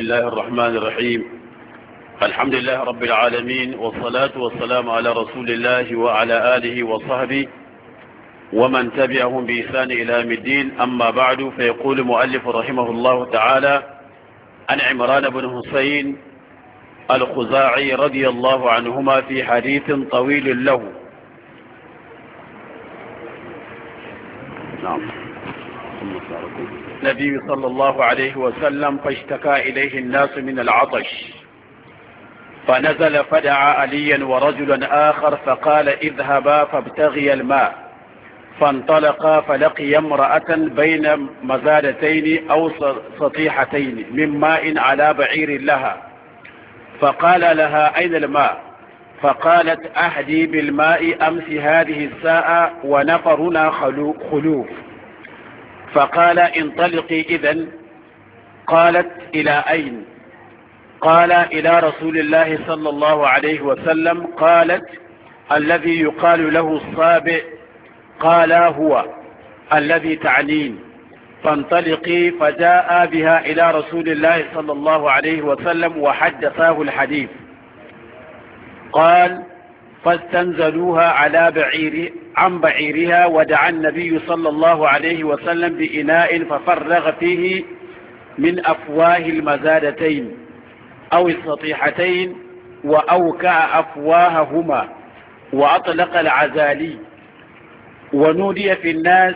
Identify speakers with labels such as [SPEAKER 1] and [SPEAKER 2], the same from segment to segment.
[SPEAKER 1] بسم الله الرحمن الرحيم الحمد لله رب العالمين والصلاة والسلام على رسول الله وعلى آله وصحبه ومن تبعهم بإحسان إلى الدين أما بعد فيقول مؤلف رحمه الله تعالى عن عمران بن حسين الخزاعي رضي الله عنهما في حديث طويل له النبي صلى الله عليه وسلم فاشتكى إليه الناس من العطش فنزل فدعا عليا ورجلا آخر فقال اذهبا فابتغي الماء فانطلقا فلقي امرأة بين مزادتين أو سطيحتين من ماء على بعير لها فقال لها أين الماء فقالت أهدي بالماء أمس هذه الساعة ونفرنا خلوف فقال انطلقي إذا قالت إلى أين قال إلى رسول الله صلى الله عليه وسلم قالت الذي يقال له الصابئ قال هو الذي تعنين فانطلقي فجاء بها إلى رسول الله صلى الله عليه وسلم وحدثاه الحديث قال فاستنزلوها على بعير عن بعيرها ودعا النبي صلى الله عليه وسلم بإناء ففرغ فيه من أفواه المزادتين أو السطيحتين وأوكع أفواههما وأطلق العزالي ونودي في الناس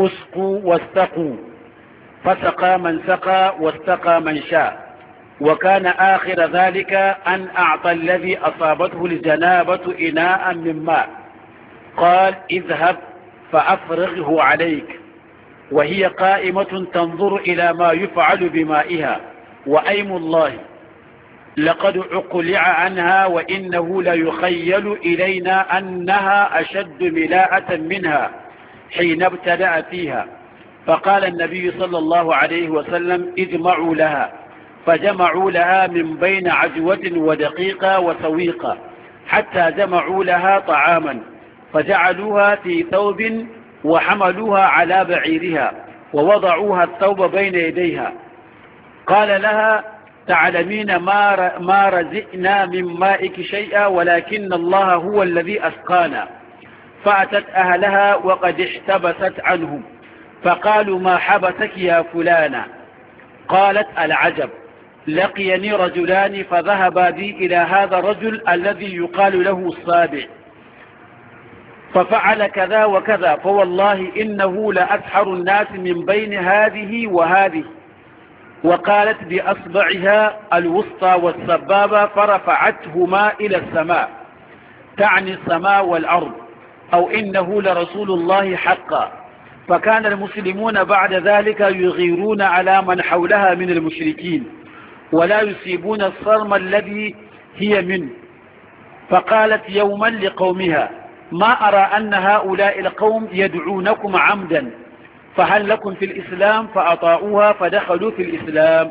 [SPEAKER 1] اسقوا واستقوا فسقى من سقى واستقى من شاء وكان آخر ذلك أن أعطى الذي أصابته الجنابة إناء من ماء قال اذهب فأفرغه عليك وهي قائمة تنظر إلى ما يفعل بمائها وأيم الله لقد عقلع عنها وإنه ليخيل إلينا أنها أشد ملاءة منها حين ابتدأ فيها فقال النبي صلى الله عليه وسلم اجمعوا لها فجمعوا لها من بين عجوة ودقيقة وسويقة حتى جمعوا لها طعاما فجعلوها في ثوب وحملوها على بعيرها ووضعوها الثوب بين يديها قال لها تعلمين ما رزئنا من مائك شيئا ولكن الله هو الذي أسقانا فأتت أهلها وقد احتبست عنهم فقالوا ما حبسك يا فلانة قالت العجب لقيني رجلان فذهبا بي إلى هذا الرجل الذي يقال له الصابع ففعل كذا وكذا فوالله إنه لأسحر الناس من بين هذه وهذه وقالت بأصبعها الوسطى والسبابة فرفعتهما إلى السماء تعني السماء والأرض أو إنه لرسول الله حقا فكان المسلمون بعد ذلك يغيرون على من حولها من المشركين ولا يصيبون الصرم الذي هي منه فقالت يوما لقومها ما أرى أن هؤلاء القوم يدعونكم عمدا فهل لكم في الإسلام فأطاؤوها فدخلوا في الإسلام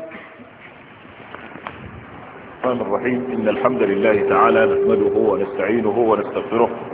[SPEAKER 2] الرحمن الرحيم إن الحمد لله تعالى نحمده ونستعينه ونستغفره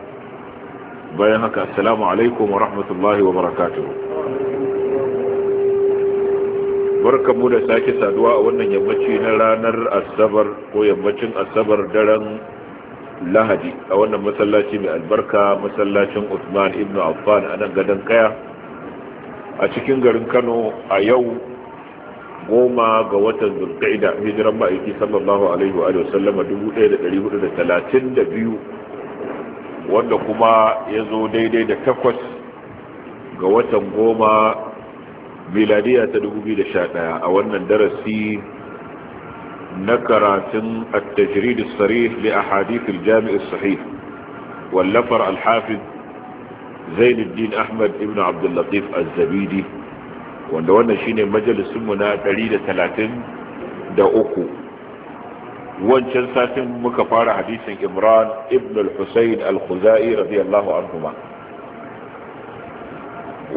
[SPEAKER 2] bayan haka assalamu alaikum wa rahmatullahi wa barakatuh barkamu da sake saduwa a wannan yammaci na ranar asabar ko yammacin asabar daren lahadi a wannan masallaci mai albarka masallacin Usman ibnu afan a nan gadon kaya a cikin garin Kano a yau goma ga watan zulqa'ida hijiran ma'aiki sallallahu alaihi wanda kuma ya zo daidai da takwas ga watan goma miladiya ta 2011 a wannan darasi na karatun التجريد الصريح لأحاديث الجامع الصحيح واللفر الحافظ زين الدين أحمد ابن عبد al-zabidi wanda wannan shine majalisinmu na 133 wancan safin muka fara hadisin imran ibn al-husayn al-khuzai radiyallahu anhuma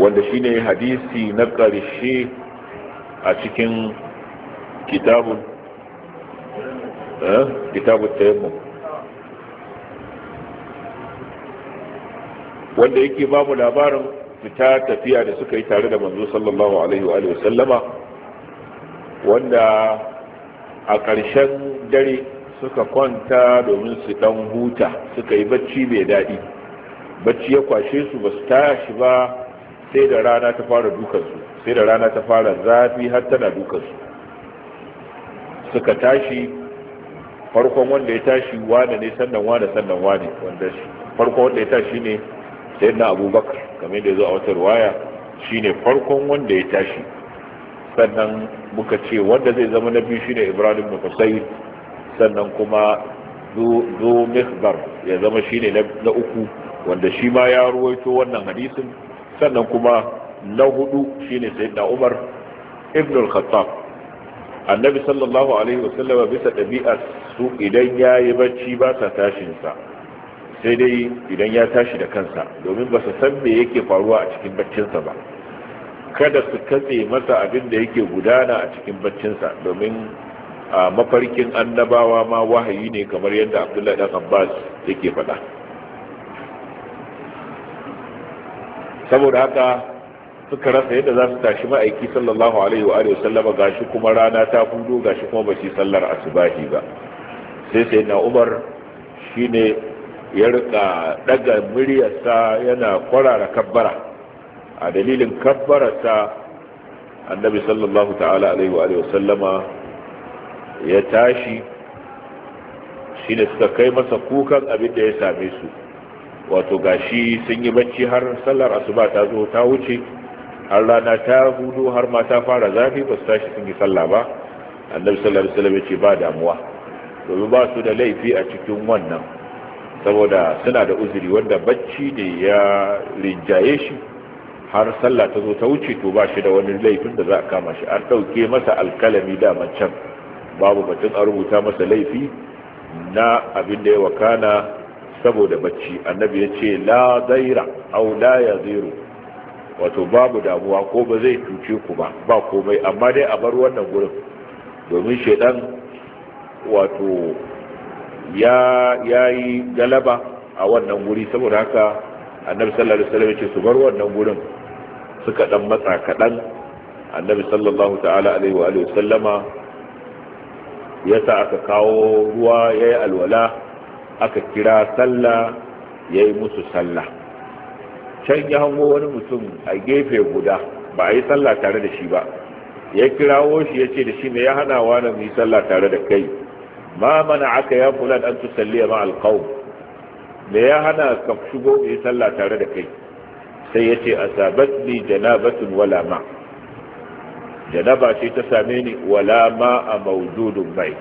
[SPEAKER 2] wanda shine hadisi na ƙarshe a cikin kitabun eh kitabun tayammum wanda yake babu labarin fita tafiya da suka yi tare da manzo sallallahu alaihi wa sallama wanda a ƙarshen dare suka kwanta domin su dan huta suka yi bacci mai daɗi bacci ya kwashe su ba su tashi ba sai da rana ta fara dukansu sai da rana ta fara zafi har tana dukansu suka tashi farkon wanda ya tashi wane ne sannan wane sannan wane wanda farkon wanda ya tashi ne sai na abubakar kamar da ya zo a wata ruwaya shine farkon wanda ya tashi sannan muka ce wanda zai zama na biyu shine ibrahim da sannan kuma zo mihbar ya zama shine na uku wanda shi ma ya ruwaito wannan hadisin sannan kuma na hudu shine sayyidina Umar ibn al-Khattab annabi sallallahu alaihi wasallam bisa dabi'a su idan yayi bacci ba sa tashin sa sai dai idan ya tashi da kansa domin ba su san me yake faruwa a cikin baccinsa ba kada su katse masa abin da yake gudana a cikin baccinsa domin a mafarkin annabawa ma wahayi ne kamar yadda abdullahi dan abbas yake faɗa saboda haka suka rasa yadda za su tashi ma'aiki sallallahu alaihi wa sallama, ga shi kuma rana ta hudu shi kuma ba shi sallar asubahi ba sai sai na umar shine ya rika daga muryarsa yana kwarara kabbara a dalilin kabbararsa annabi sallallahu ta'ala alaihi wa sallama ya tashi shi ne suka kai masa kukan abin da ya same su wato gashi sun yi bacci har sallar asuba ta zo ta wuce har rana ta hudu har ma ta fara zafi ba su tashi sun yi sallah ba annabi sallar alaihi ya ce ba damuwa domin ba su da laifi a cikin wannan saboda suna da uzuri wanda bacci ne ya rinjaye shi har sallah ta zo ta wuce to ba shi da wani laifin da za a kama shi an ɗauke masa alkalami daman can babu batun a rubuta masa laifi na abin da ya wakana saboda bacci annabi ya ce la zaira au la ya zero wato babu damuwa ko ba zai cuce ku ba ba komai amma dai a bar wannan gurin domin shaidan wato ya yi galaba a wannan guri saboda haka annabi sallallahu alaihi wasallam ya ce su bar wannan gurin suka dan matsa kadan annabi sallallahu ta'ala alaihi wa sallama yasa aka kawo ruwa ya yi alwala aka kira sallah ya yi musu sallah can ya hango wani mutum a gefe guda ba a yi sallah tare da shi ba ya kirawo shi ya ce da shi ne ya hana wa nan yi sallah tare da kai ma mana aka ya fulan an tusalli ma alqaum me ya hana ka shigo yi sallah tare da kai sai ya ce asabatni janabatun wala ma' janaba ce ta same ni wala ma a maududun bai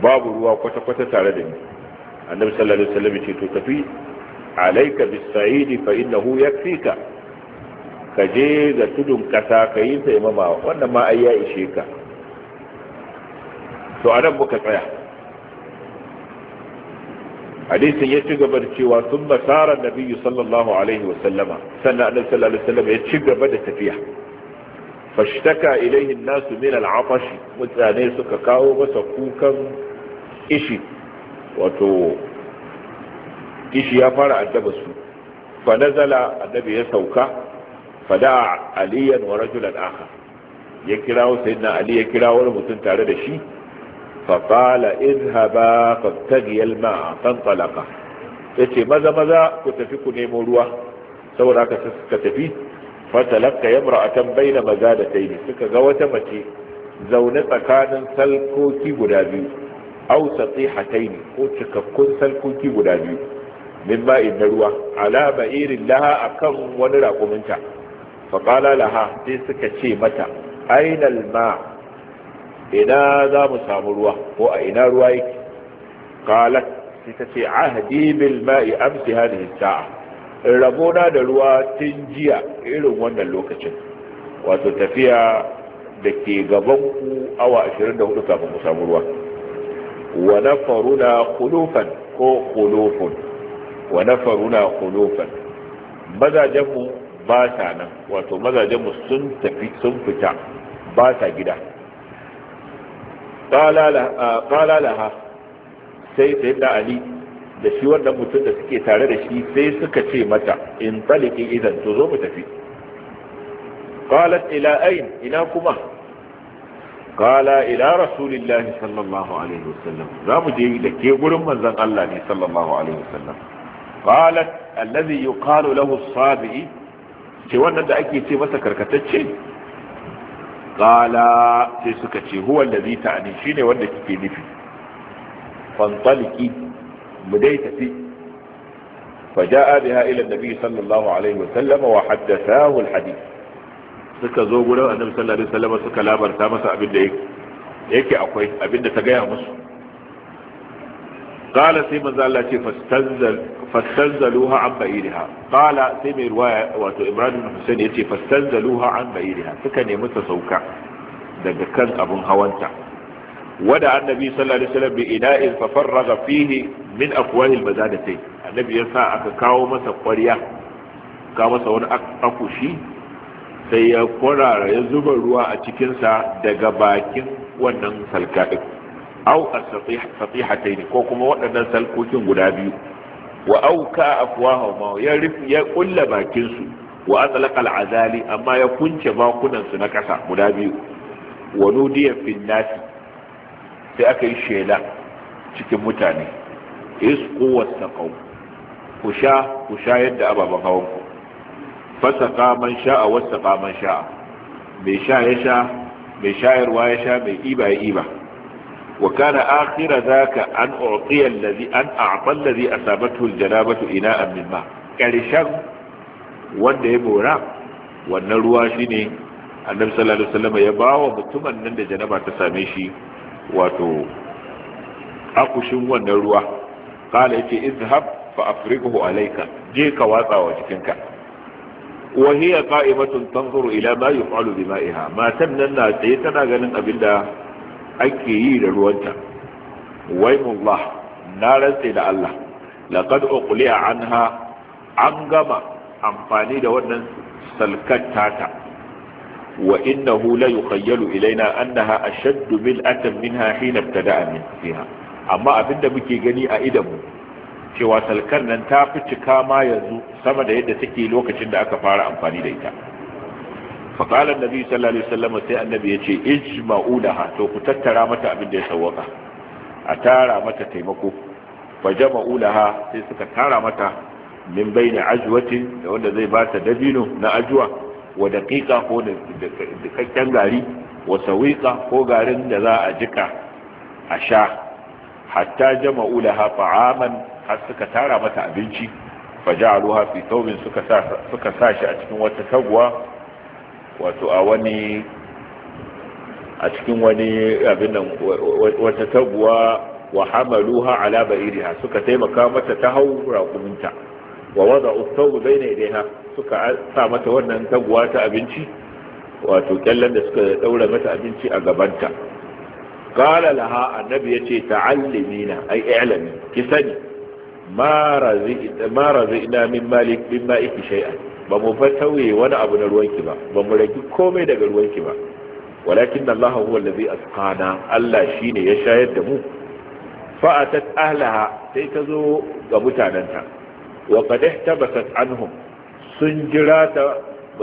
[SPEAKER 2] babu ruwa kwata-kwata tare da ni annabi sallallahu alaihi wasallam ce to tafi alaika bis sa'idi fa innahu yakfika ka je ga tudun kasa ka yi sai mama wannan ma ai ya ishe ka to a nan muka tsaya hadisin ya ci gaba da cewa sun masarar nabiyyu sallallahu alaihi wasallama sannan annabi sallallahu alaihi wasallam ya ci gaba da tafiya fashtaka ilaihin nasu min al'afashi mutane suka kawo masa kukan ishi wato ishi ya fara addaba su fa nazala annabi ya sauka fa da aliyan wa rajulan akhar ya kirawo sayyidina ali ya kirawo wani mutum tare da shi fa qala idhaba fattabi al-ma'a yace maza maza ku tafi ku nemo ruwa saboda ka tafi fatalaka yamra'atan baina mazadatayn suka ga wata mace zaune tsakanin salkoki guda biyu aw hataini ko cikakkun salkoki guda biyu min ma'in na ruwa ala ba'irin laha kan wani raƙuminta faƙala laha sai suka ce mata ainal ma ina za mu samu ruwa ko a ina ruwa yake qalat sai ta ce ahdi bil ma'i amsi hadhihi sa'a rabona da ruwa tun jiya irin wannan lokacin wato tafiya da ke gaban ku awa 24 kafin mu samu ruwa wa nafaruna khulufan ko khulufun wa nafaruna khulufan mazajen mu ba sa nan wato mazajen mu sun tafi sun fita ba sa gida qala laha sai sai da ali da shi wannan mutum da suke tare da shi sai suka ce mata in taliki idan to zo mu tafi qalat ila ayn ina kuma qala ila rasulillahi sallallahu alaihi wasallam za mu je da ke gurin manzon Allah ne sallallahu alaihi wasallam qalat alladhi yuqalu lahu as-sabi ce wannan da ake ce masa karkatacce qala sai suka ce huwa alladhi ta'ni shine wanda kike nufi fantaliki mu dai tafi faja'a biha ila annabi sallallahu alaihi wa sallam wa haddathahu suka zo gurin annabi sallallahu alaihi wa suka labarta masa abin da yake akwai abin da ta gaya musu قال sai من الله ce fastanzal fastanzaluha an ba'iriha qala sai mai riwaya wato Ibrahim bin Hussein yace fastanzaluha an ba'iriha suka nemi ta sauka daga kan abun hawanta wada annabi sallallahu alaihi wasallam bi ina'in fa farraga fihi min akwahil mazadatai annabi ya sa aka kawo masa ƙwarya kawo masa wani akushi sai ya kwarara ya zuba ruwa a cikinsa daga bakin wannan salka au a ne ko kuma waɗannan salkokin guda biyu wa auka afwahu ma ya ya kulla bakin su wa atlaqa al'azali amma ya kunce bakunan su na ƙasa guda biyu wa nudiya fil sai aka yi shela cikin mutane isqu wattaqu ku sha ku sha yadda ababan hawan ku fasaka man sha'a wattaqa man sha'a mai sha ya sha mai shayarwa ya sha mai iba ya iba wa kana akhira zaka an u'tiya alladhi an a'ta alladhi asabathu aljanabatu ina'an min ma karshen wanda ya bora wannan ruwa shine annabi sallallahu alaihi wasallam ya bawa mutumin nan da janaba ta same shi wato akushin wannan ruwa qala yace izhab fa afrighu alayka je ka watsa wa jikinka wa hiya qa'imatun tanzuru ila ma yuf'alu bi ma'iha matan nan na tsaye tana ganin abinda ake yi da ruwanta waymullah na rantse da Allah laqad uqli'a anha an gama amfani da wannan salkar tata wa innahu la yukhayyalu ilaina annaha ashaddu bil'atan minha hina ibtada'a min fiha amma abin da muke gani a idanmu cewa salkar nan ta fi cika ma yanzu sama da yadda take lokacin da aka fara amfani da ita faƙalar nabi sallallahu alaihi wasallam sai annabi ya ce ijma'u laha to ku tattara mata abin da ya sawwaka a tara mata taimako fa jama'u laha sai suka tara mata min bayni ajwatin da wanda zai ba ta dabino na ajwa wa daƙiƙa ko da kakken gari wa sawiqa ko garin da za a jika a sha hatta jama'u laha ta'aman har suka tara mata abinci faja'aluha fi thawbin suka sa suka sa shi a cikin wata tagwa wato a wani a cikin wani abin nan wata tagwa wa hamaluha ala ba'iriha suka taimaka mata ta hau raƙuminta wa wada'u thawb bayna yadayha suka sa mata wannan tagwa ta abinci wato kyallan da suka daura mata abinci a gabanta qala laha annabi yace ta'allimina ai i'lami ki sani ma razi'na ma razi'na min malik mimma iki shay'an ba mu fa tauye wani abu na ruwanki ba ba mu raki komai daga ruwanki ba walakin Allah huwa allazi asqana Allah shine ya shayar da mu fa atat sai ta zo ga mutananta wa qad ihtabasat ta ba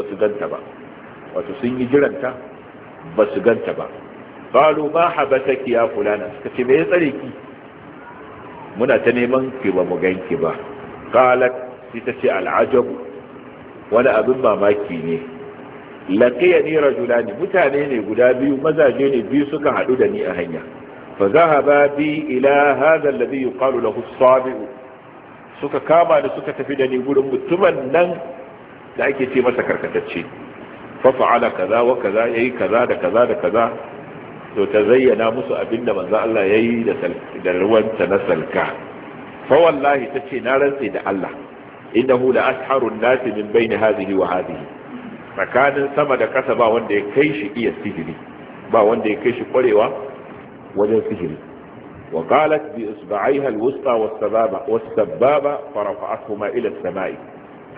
[SPEAKER 2] su ganta ba wato sun yi jiranta ba su ganta ba qalu ma habasaki ya fulana suka ce me ki muna ta neman ki ba mu ganki ba qalat sai ce al'ajab wani abin mamaki ne laqiyani rajulani mutane ne guda biyu mazaje ne biyu suka hadu da ni a hanya فذهبا بي إلى هذا الذي يقال له الصابئ suka kama da suka tafi da ni gurin mutumin nan da ake ce masa karkatacce fafa'ala kaza wa kaza yayi kaza da kaza da kaza to ta zayyana musu abinda manzo Allah yayi da da ruwanta na salka fa wallahi tace na rantsi da Allah innahu la asharun nasi min bayni hadhihi wa hadhihi tsakanin sama da kasa ba wanda ya kai shi iya sihiri ba wanda ya kai shi kwarewa wajen sihiri wa qalat bi isba'iha alwusta was-sababa was-sababa farafa'atuhuma ila as-sama'i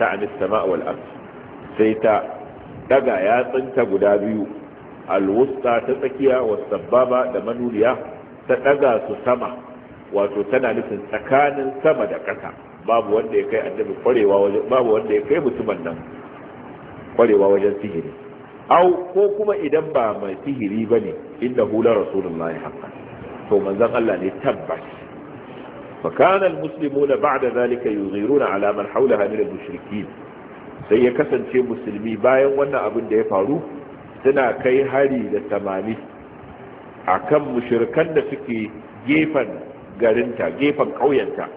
[SPEAKER 2] ta'ani as sai ta guda biyu alwusta ta tsakiya wasababa da manuriya ta ɗaga su sama wato tana nufin tsakanin sama da ƙasa babu wanda ya kai annabi kwarewa wajen babu wanda ya kai mutumin nan kwarewa wajen sihiri au ko kuma idan ba mai sihiri ne inda hula rasulullahi haka to manzon Allah ne tabbas فكان المسلمون بعد ذلك يغيرون على من حولها da المشركين sai ya kasance musulmi bayan wannan abin da ya faru suna kai hari da tamani a kan mushirkan da suke gefen garinta gefen ƙauyenta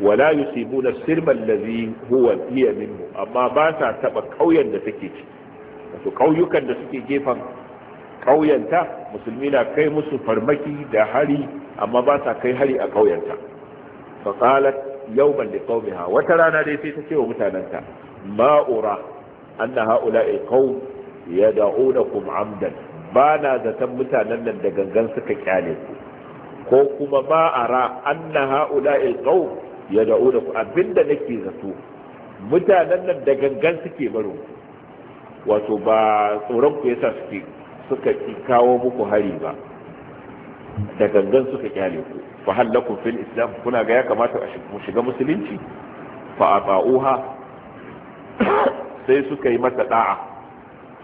[SPEAKER 2] wala yusibu na sirman lazi huwa iya minmu amma ba sa taɓa ƙauyen da suke ci wasu ƙauyukan da suke gefen ƙauyenta musulmi na kai musu farmaki da hari amma ba sa kai hari a ƙauyenta faƙalar ban da ƙaumiha wata rana dai sai ta ce wa mutanenta ma'ura an na ha'ula'il ƙau. kuma amdan ba na zaton mutanen nan da gangan suka kyale ku ko kuma ma ara anna haula'il qaum yad'unakum abinda nake zato mutanen nan da gangan suke baro wato ba tsoron ku yasa suke suka kawo muku hari ba da gangan suka kyale ku fa halakum fil islam kuna ga ya kamata a shiga musulunci fa ata'uha sai suka yi mata da'a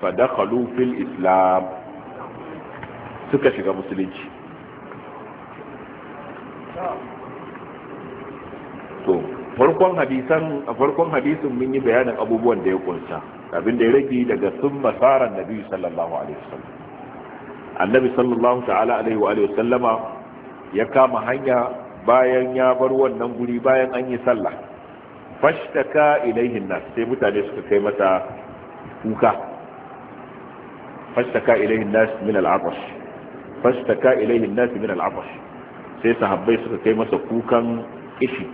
[SPEAKER 2] fadakhalu fil islam suka shiga musulunci to farkon hadisan farkon hadisin mun yi bayanin abubuwan da ya kunsa abin da ya rage daga sun masarar nabi sallallahu alaihi wasallam annabi sallallahu ta'ala alaihi wa sallama ya kama hanya bayan ya bar wannan guri bayan an yi sallah fashtaka ilaihin nas sai mutane suka kai masa kuka fastaka ilaihi nas min al-atash fastaka ilaihi nas min al-atash sai sahabbai suka kai masa kukan ishi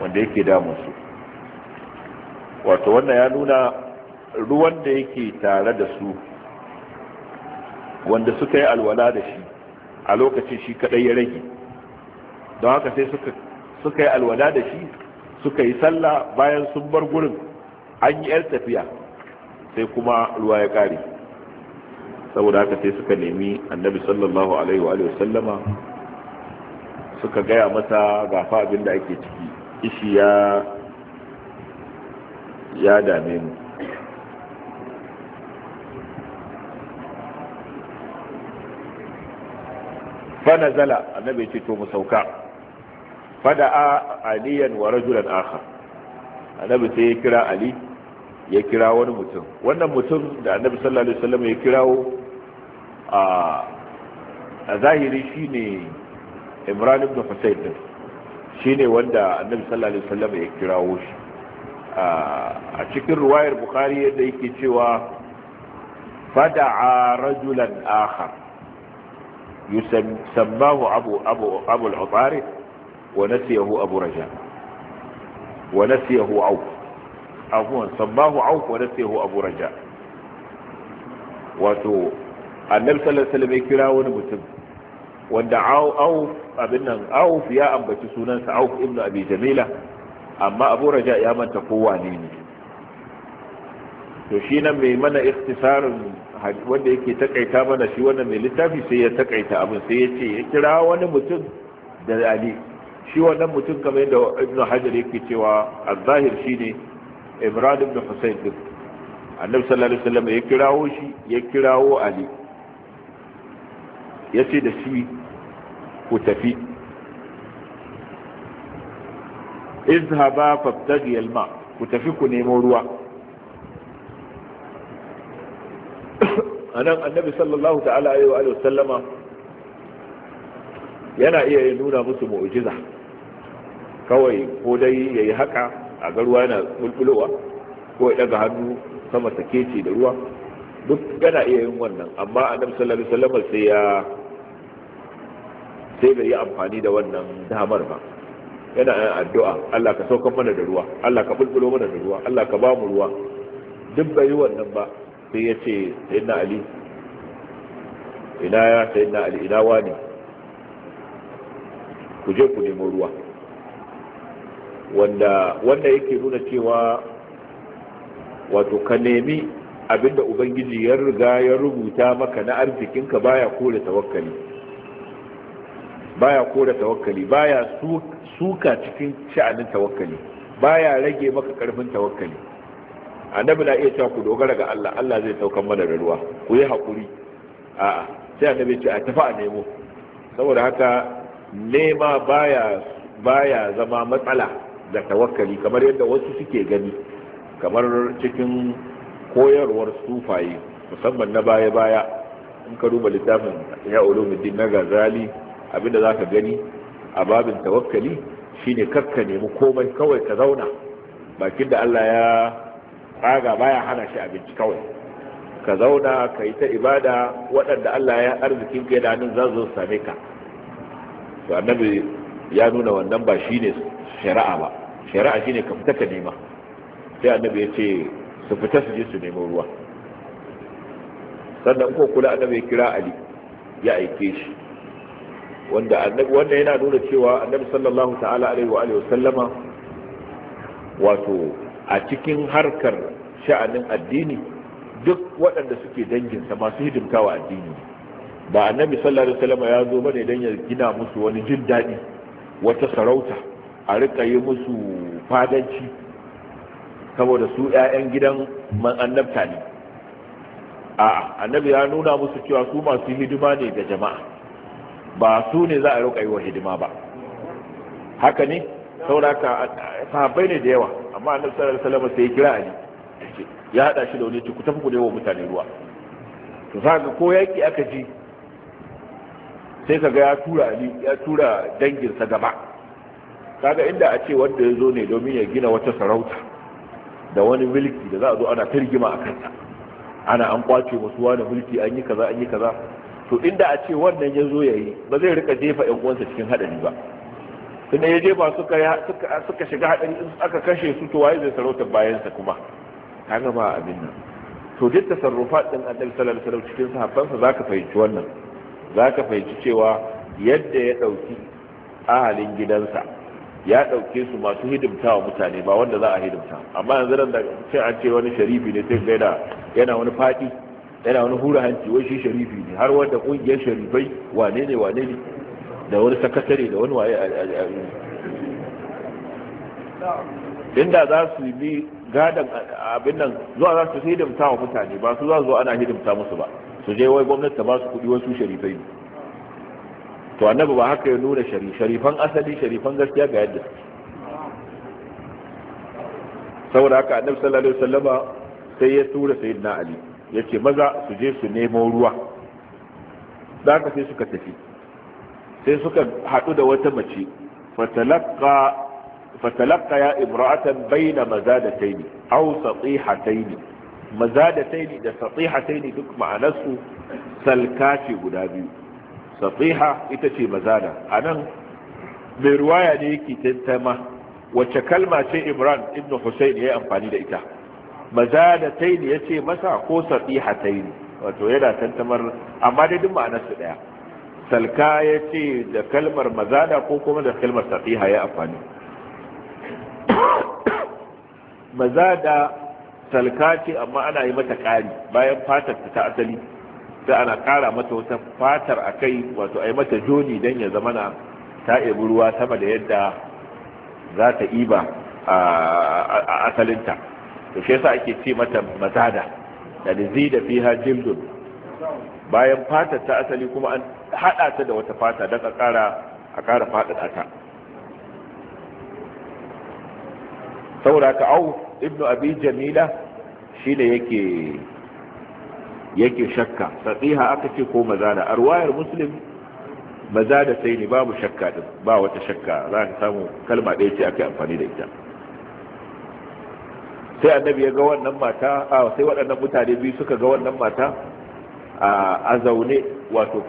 [SPEAKER 2] wanda yake damun su wato wannan ya nuna ruwan da yake tare da su wanda suka yi alwala da shi a lokacin shi kadai ya rage don haka sai suka suka yi alwala da shi suka yi sallah bayan sun bar gurin an yi 'yar tafiya sai kuma ruwa ya kare saboda haka sai suka nemi annabi sallallahu alaihi wa sallama suka gaya masa gafa abin da ake ciki ishi ya ya dame mu fa zala annabi ya ce to mu sauka fada a aliyan wa rajulan akhar annabi sai ya kira ali ya kira wani mutum wannan mutum da annabi sallallahu alaihi wasallam ya kirawo a zahiri shine imran ibn husayn din shine wanda annabi sallallahu alaihi wasallam ya kirawo shi a cikin riwayar bukhari yadda yake cewa fada'a rajulan akhar yusammahu abu abu abu al-utari wa nasiyahu abu wa nasiyahu abuwan sabbahu auku wa nasahu abu raja wato annabi sallallahu alaihi ya kira wani mutum wanda auf abin nan auf ya ambaci sunansa auf ibnu abi jamila amma abu raja ya manta kowa ne ne to shi nan mai mana ikhtisarin wanda yake takaita mana shi wannan mai littafi sai ya takaita abin sai ya ce ya kira wani mutum da ali shi wannan mutum kamar yadda Ibn hajar yake cewa az-zahir shine imran ibn husayn din annabi sallallahu alaihi wasallam ya kirawo shi ya kirawo ali yace da shi ku tafi izhaba fabtaghi alma ku tafi ku nemo ruwa anan annabi sallallahu ta'ala alaihi wa sallama yana iya nuna musu mu'jiza kawai ko dai yayi haka a ga ruwa yana mulkulowa ko ya daga hannu sama sake ce da ruwa duk yana iya yin wannan amma annabi sallallahu alaihi wasallam sai ya sai bai yi amfani da wannan damar ba yana yin addu'a Allah ka saukan mana da ruwa Allah ka bulbulo mana da ruwa Allah ka ba mu ruwa duk bai yi wannan ba sai ya ce sayyidina ali ina ya sayyidina ali ina wani ku je ku nemo ruwa wanda wanda yake nuna cewa wato ka nemi abinda ubangiji ya riga ya rubuta maka na arzikinka baya kore tawakkali baya kore tawakkali baya suka cikin sha'anin tawakkali baya rage maka karfin tawakkali annabi na iya cewa ku dogara ga Allah Allah zai saukar mana da ruwa ku yi hakuri a'a sai annabi ce a tafi a nemo saboda haka nema baya baya zama matsala da tawakkali kamar yadda wasu suke gani kamar cikin koyarwar sufaye musamman na baya-baya in ka duba littafin ya ulumuddin na gazali abinda za ka gani a babin tawakkali shine kakka nemi komai kawai ka zauna bakin da Allah ya tsaga baya hana shi abinci kawai ka zauna ka yi ta ibada waɗanda Allah ya arzikin ka yana nan za su same ka to annabi ya nuna wannan ba shine shari'a ba shari'a shine ka fita ka nema sai annabi ya ce su fita su je su nemo ruwa sannan ko kula annabi ya kira ali ya aike shi wanda annabi wannan yana nuna cewa annabi sallallahu ta'ala alaihi wa alihi sallama wato a cikin harkar sha'anin addini duk waɗanda suke danginsa masu hidimta wa addini ba annabi sallallahu alaihi wa sallama ya zo bane dan ya gina musu wani jin daɗi wata sarauta a rika yi musu fadanci saboda su 'ya'yan gidan man annabta ne a annabi ya nuna musu cewa su masu hidima ne ga jama'a ba su ne za a rika yi wa hidima ba haka ne sauraka sahabbai ne da yawa amma annabi sallallahu alaihi wasallam sai kira ali ya hada shi da wani ku tafi ku da mutane ruwa to saka ko yaki aka ji sai kaga ya tura ali ya tura danginsa gaba kaga inda a ce wanda ya zo ne domin ya gina wata sarauta da wani mulki da za a zo ana targima a kanta ana an kwace musu wani mulki an yi kaza an yi kaza to inda a ce wannan ya zo ya yi ba zai rika jefa yan uwansa cikin haɗari ba tunda ya jefa suka suka shiga haɗari in aka kashe su to waye zai sarauta bayansa kuma kaga ba abin nan to duk tasarrufa din annabi sallallahu alaihi wasallam cikin sa zaka fahimci wannan zaka fahimci cewa yadda ya dauki ahalin gidansa ya dauke su masu hidimta wa mutane ba wanda za a hidimta amma yanzu nan da ce an ce wani sharifi ne sai gaida yana wani faɗi yana wani hura hanci wai shi sharifi ne har wanda ƙungiyar sharifai wane ne wane ne da wani sakatare da wani waye a inda za su bi gadon abin nan zuwa za su hidimta wa mutane ba su za su zo ana hidimta musu ba su je wai gwamnati ta ba su kuɗi wasu sharifai ne to annabi ba haka ya nuna shari sharifan asali sharifan gaskiya ga yadda saboda haka annabi sallallahu alaihi wasallama sai ya tura sayyidina ali yace maza su je su nemo ruwa da ka sai suka tafi sai suka haɗu da wata mace fatalaka ya imra'atan baina mazadataini aw satihataini mazadataini da satihataini duk ma'anarsu salkace guda biyu sahiha ita ce mazana a nan mai ruwaya ne yake tantama wacce kalma ce imran ibn husayn ya yi amfani da ita mazana ta ne ya ce masa ko sahiha ta wato yana tantamar amma dai duk su ɗaya salka ya ce da kalmar mazana ko kuma da kalmar sahiha ya amfani mazada salka ce amma ana yi mata ƙari bayan fatar ta asali da ana kara mata wata fatar a kai wato a yi mata joni dan ya zamana ta ebi ruwa sama da yadda za ta iba a asalinta to shi yasa ake ce mata mazada da zida fiha jildun bayan fatar ta asali kuma an haɗa ta da wata fata don a kara a kara ta saboda ka au ibnu abi jamila shine yake yake shakka fasiha aka ce ko mazada arwayar arwayar muslim mazada sai ne babu shakka din ba wata shakka za ka samu kalma ɗaya ce aka amfani da ita sai annabi ya ga wannan mata a sai waɗannan mutane biyu suka ga wannan mata a zaune wato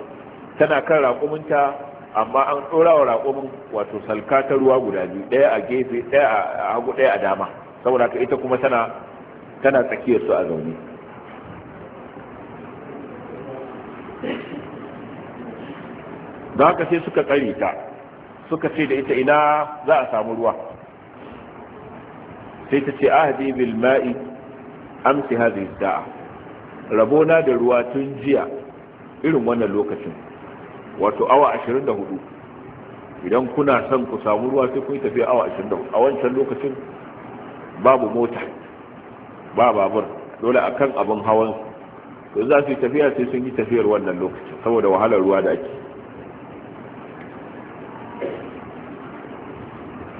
[SPEAKER 2] tana kan raƙuminta amma an ɗora wa raƙumin wato salka ta ruwa guda biyu ɗaya a gefe ɗaya a hagu ɗaya a dama saboda ka ita kuma tana tana tsakiyar su a zaune da haka sai suka tsare ta suka ce da ita ina za a samu ruwa sai ta ce ahadi bil ma'i amsi da. da'a rabona da ruwa tun jiya irin wannan lokacin wato awa 24 idan kuna son ku samu ruwa sai kun tafi awa 24 a wancan lokacin babu mota ba babur dole a kan abin hawan da za su yi tafiya sai sun yi tafiyar wannan lokaci saboda wahalar ruwa da ake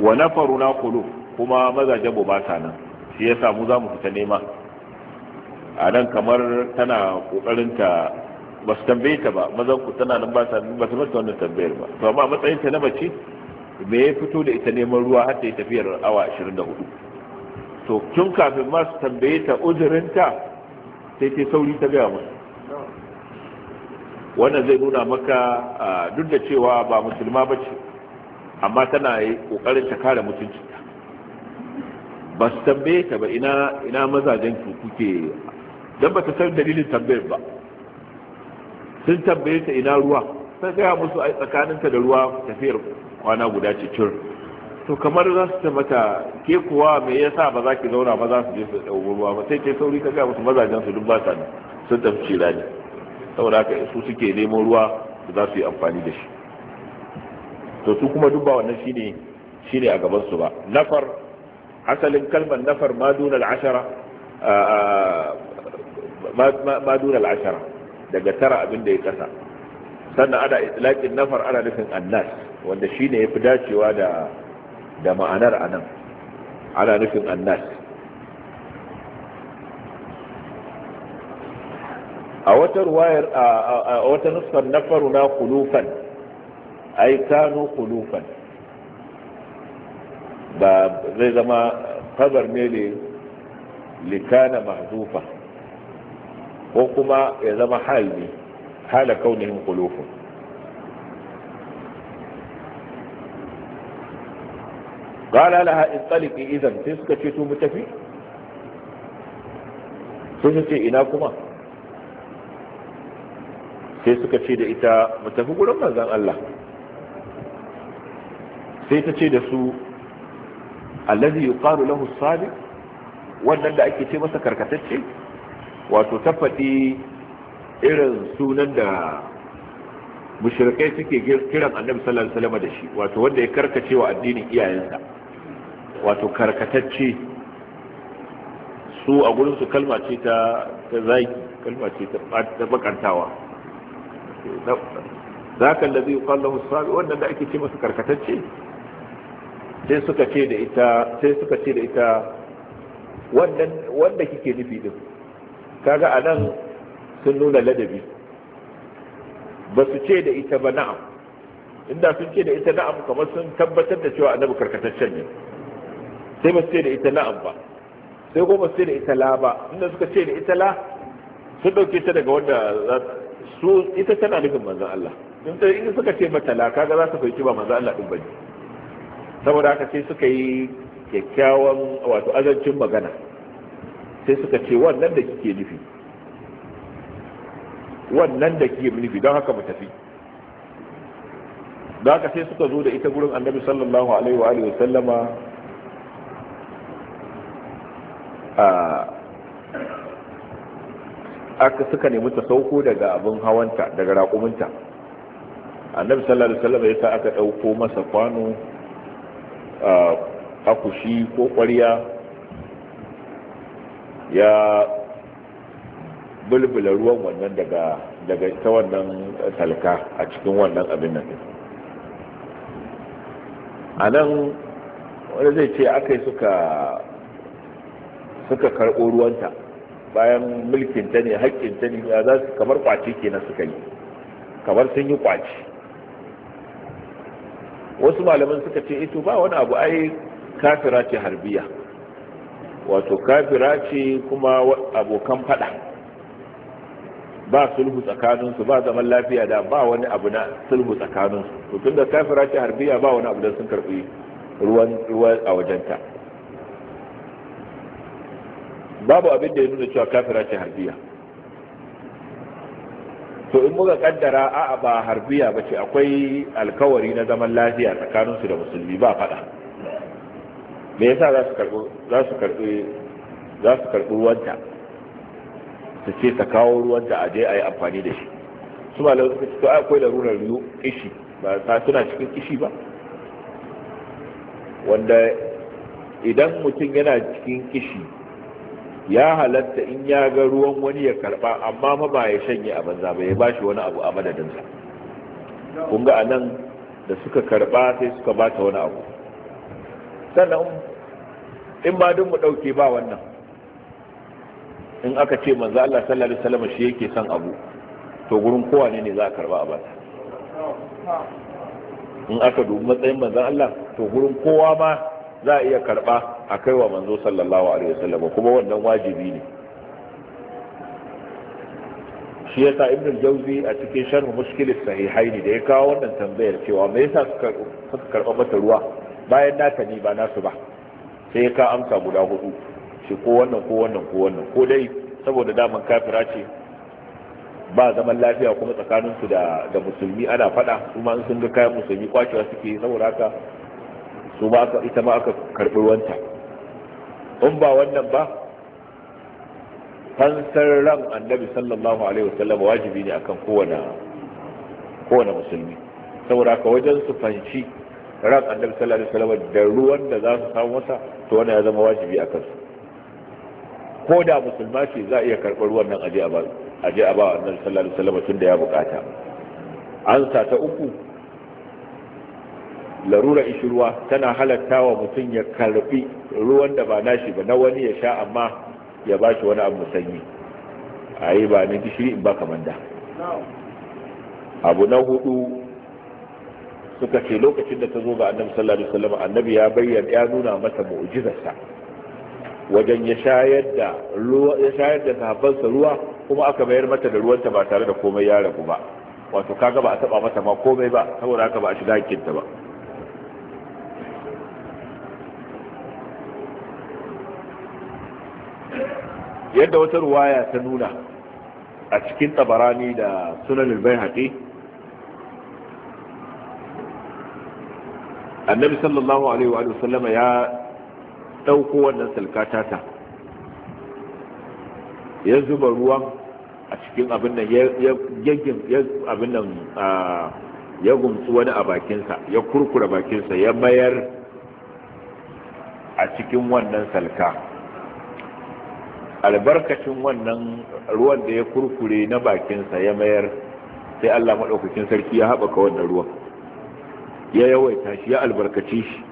[SPEAKER 2] wa faru na kulu kuma mazajen mu ba ta nan shi ya samu za mu fita nema a nan kamar tana kokarin ta ba su tambaye ta ba mazan ku tana nan ba ta ba su mata wannan tambayar ba to amma matsayin ta na mace me ya fito da ita neman ruwa har ta yi tafiyar awa 24 to tun kafin ma su tambaye ta uzurinta sai ta sauri ta gaya musu wannan zai nuna maka duk da cewa ba musulma ba ce amma tana yi kokarin ta kare mutunci ba su tambaye ta ba ina mazajen ku kuke don ba ta san dalilin tambayar ba sun tambaye ta ina ruwa sai gaya musu a tsakaninta da ruwa tafiyar kwana guda ce to kamar za su ce mata ke kuwa me yasa ba za ki zauna ba za su je su ɗau ruwa ba sai ke sauri ka ga musu mazajen su duk ba sa sun tafi cira ne saboda haka su suke neman ruwa za su yi amfani da shi to su kuma duk ba wannan shine shine a gaban su ba nafar asalin kalmar nafar ma dunal ashara ma dunal ashara daga tara abin da ya kasa sannan ana itlaqin nafar ana nufin annas wanda shine yafi dacewa da da ma'anar anan ana nufin annas a wata ruwayar a wata nuskar na faruna kulufan ai Kano kulufan ba zai zama kabar ne likana mahzufa ko kuma ya zama hal ne hala kulufan qala laha intaliqi idan sai suka ce su mu tafi sai ce ina kuma sai suka ce da ita mu tafi gurin manzon Allah sai ta ce da su allazi yuqalu lahu as-sadiq wannan da ake ce masa karkatacce wato ta faɗi irin sunan da mushrikai suke kiran annabi sallallahu alaihi wasallam da shi wato wanda ya karkace wa addinin iyayensa wato karkatacce su a gurin su kalma ce ta ta zaki kalma ce ta ta bakantawa zaka allazi yuqal lahu sabi wanda da ake ce masa karkatacce sai suka ce da ita sai suka ce da ita wanda wanda kike nufi din kaga anan sun nuna ladabi ba su ce da ita ba na'am inda sun ce da ita na'am kamar sun tabbatar da cewa annabi karkataccen ne sai ba su ce da ita na'am ba sai ko ba su ce da ita la ba inda suka ce da ita la sun dauke ta daga wanda su ita tana nufin manzon Allah in ta in suka ce mata la kaga za su fahimci ba manzon Allah din bane saboda haka sai suka yi kyakkyawan wato azancin magana sai suka ce wannan da kike nufi wannan da ke nufi don haka mu tafi da haka sai suka zo da ita gurin annabi sallallahu alaihi wa alihi sallama aka suka nemi ta sauko daga abin hawanta daga raƙuminta annabi sallallahu alaihi wasallam ya sa aka ɗauko masa kwano akushi ko ƙwarya ya bulbula ruwan wannan daga ta wannan talka a cikin wannan abin nan a nan wani zai ce aka yi suka suka karɓo ruwanta bayan mulkinta ne haƙƙinta ne ya za su kamar kwace ke na suka yi kamar sun yi kwaci wasu malaman suka ce ito eh, ba wani abu ai kafira ce harbiya wato kafira ce kuma abokan fada ba sulhu tsakaninsu ba zaman lafiya da ba wani abu na sulhu tsakaninsu to tunda kafira ce harbiya ba wani abu da sun karbi ruwan ruwa a wajenta babu abin da ya nuna cewa kafira ce harbiya to in muka kaddara a'a ba harbiya ba ce akwai alkawari na zaman lafiya tsakaninsu da musulmi ba faɗa me yasa za su karbi za su karbi za su karɓi ruwanta ta ce ta kawo ruwan da aje a yi amfani da shi su ba lau ci to akwai larurar yiwu kishi ba ta suna cikin ishi ba wanda idan mutum yana cikin kishi ya halatta in ya ga ruwan wani ya karba amma ma ba ya shanye a banza ba ya ba shi wani abu a madadinsa kun ga anan da suka karba sai suka bata wani abu sannan in ba dun mu ɗauke ba wannan in aka ce manzo Allah sallallahu alaihi wasallam shi yake son abu to gurin kowa ne ne za a karba a bata in aka dubi matsayin manzo Allah to gurin kowa ma za a iya karba a kaiwa manzo sallallahu alaihi wasallam kuma wannan wajibi ne shi yasa ibn ibnu jawzi a cikin sharh mushkil sahihain da ya kawo wannan tambayar cewa me yasa suka karba mata ruwa bayan ta ni ba nasu ba sai ka amsa guda hudu ce ko wannan ko wannan ko wannan ko dai saboda daman kafira ce ba zaman lafiya kuma tsakaninsu da da musulmi ana fada su ma sun ga kayan musulmi kwacewa suke saboda haka su ma aka ita ma aka karbi wanta in ba wannan ba fansar ran annabi sallallahu alaihi wasallam wajibi ne akan kowane kowane musulmi saboda haka wajen su fanci ran annabi sallallahu alaihi wasallam da ruwan da za su samu masa to wannan ya zama wajibi akan su ko da musulma ce za a iya karɓar wannan aje a aje a ba wannan sallallahu alaihi wasallam tunda ya bukata an sa ta uku larura Ishruwa tana halatta wa mutum ya karbi ruwan da ba nashi ba na wani ya sha amma ya ba shi wani abu sanyi a ba ni gishiri in ba kamar da abu na hudu suka ce lokacin da ta zo ga annabi sallallahu alaihi wasallam annabi ya bayyana ya nuna masa mu'jizarsa wajen ya shayar da ruwa sahabbansa ruwa kuma aka bayar mata da ruwanta ba tare da komai ya ragu ba wato kaga ba a taba mata ma komai ba saboda haka ba a shiga hankinta ba yadda wata ruwaya ta nuna a cikin tabarani da sunanin bai haƙi annabi sallallahu alaihi wa sallama ya ɗauko wannan salkata ta ya zuba ruwan a cikin abin nan abin nan ya gumsu wani a bakinsa ya kurkura bakinsa ya mayar a cikin wannan salka albarkacin wannan ruwan da ya kurkure na bakinsa ya mayar sai Allah maɗaukakin sarki ya haɓaka wannan ruwan ya yawaita shi ya albarkaci shi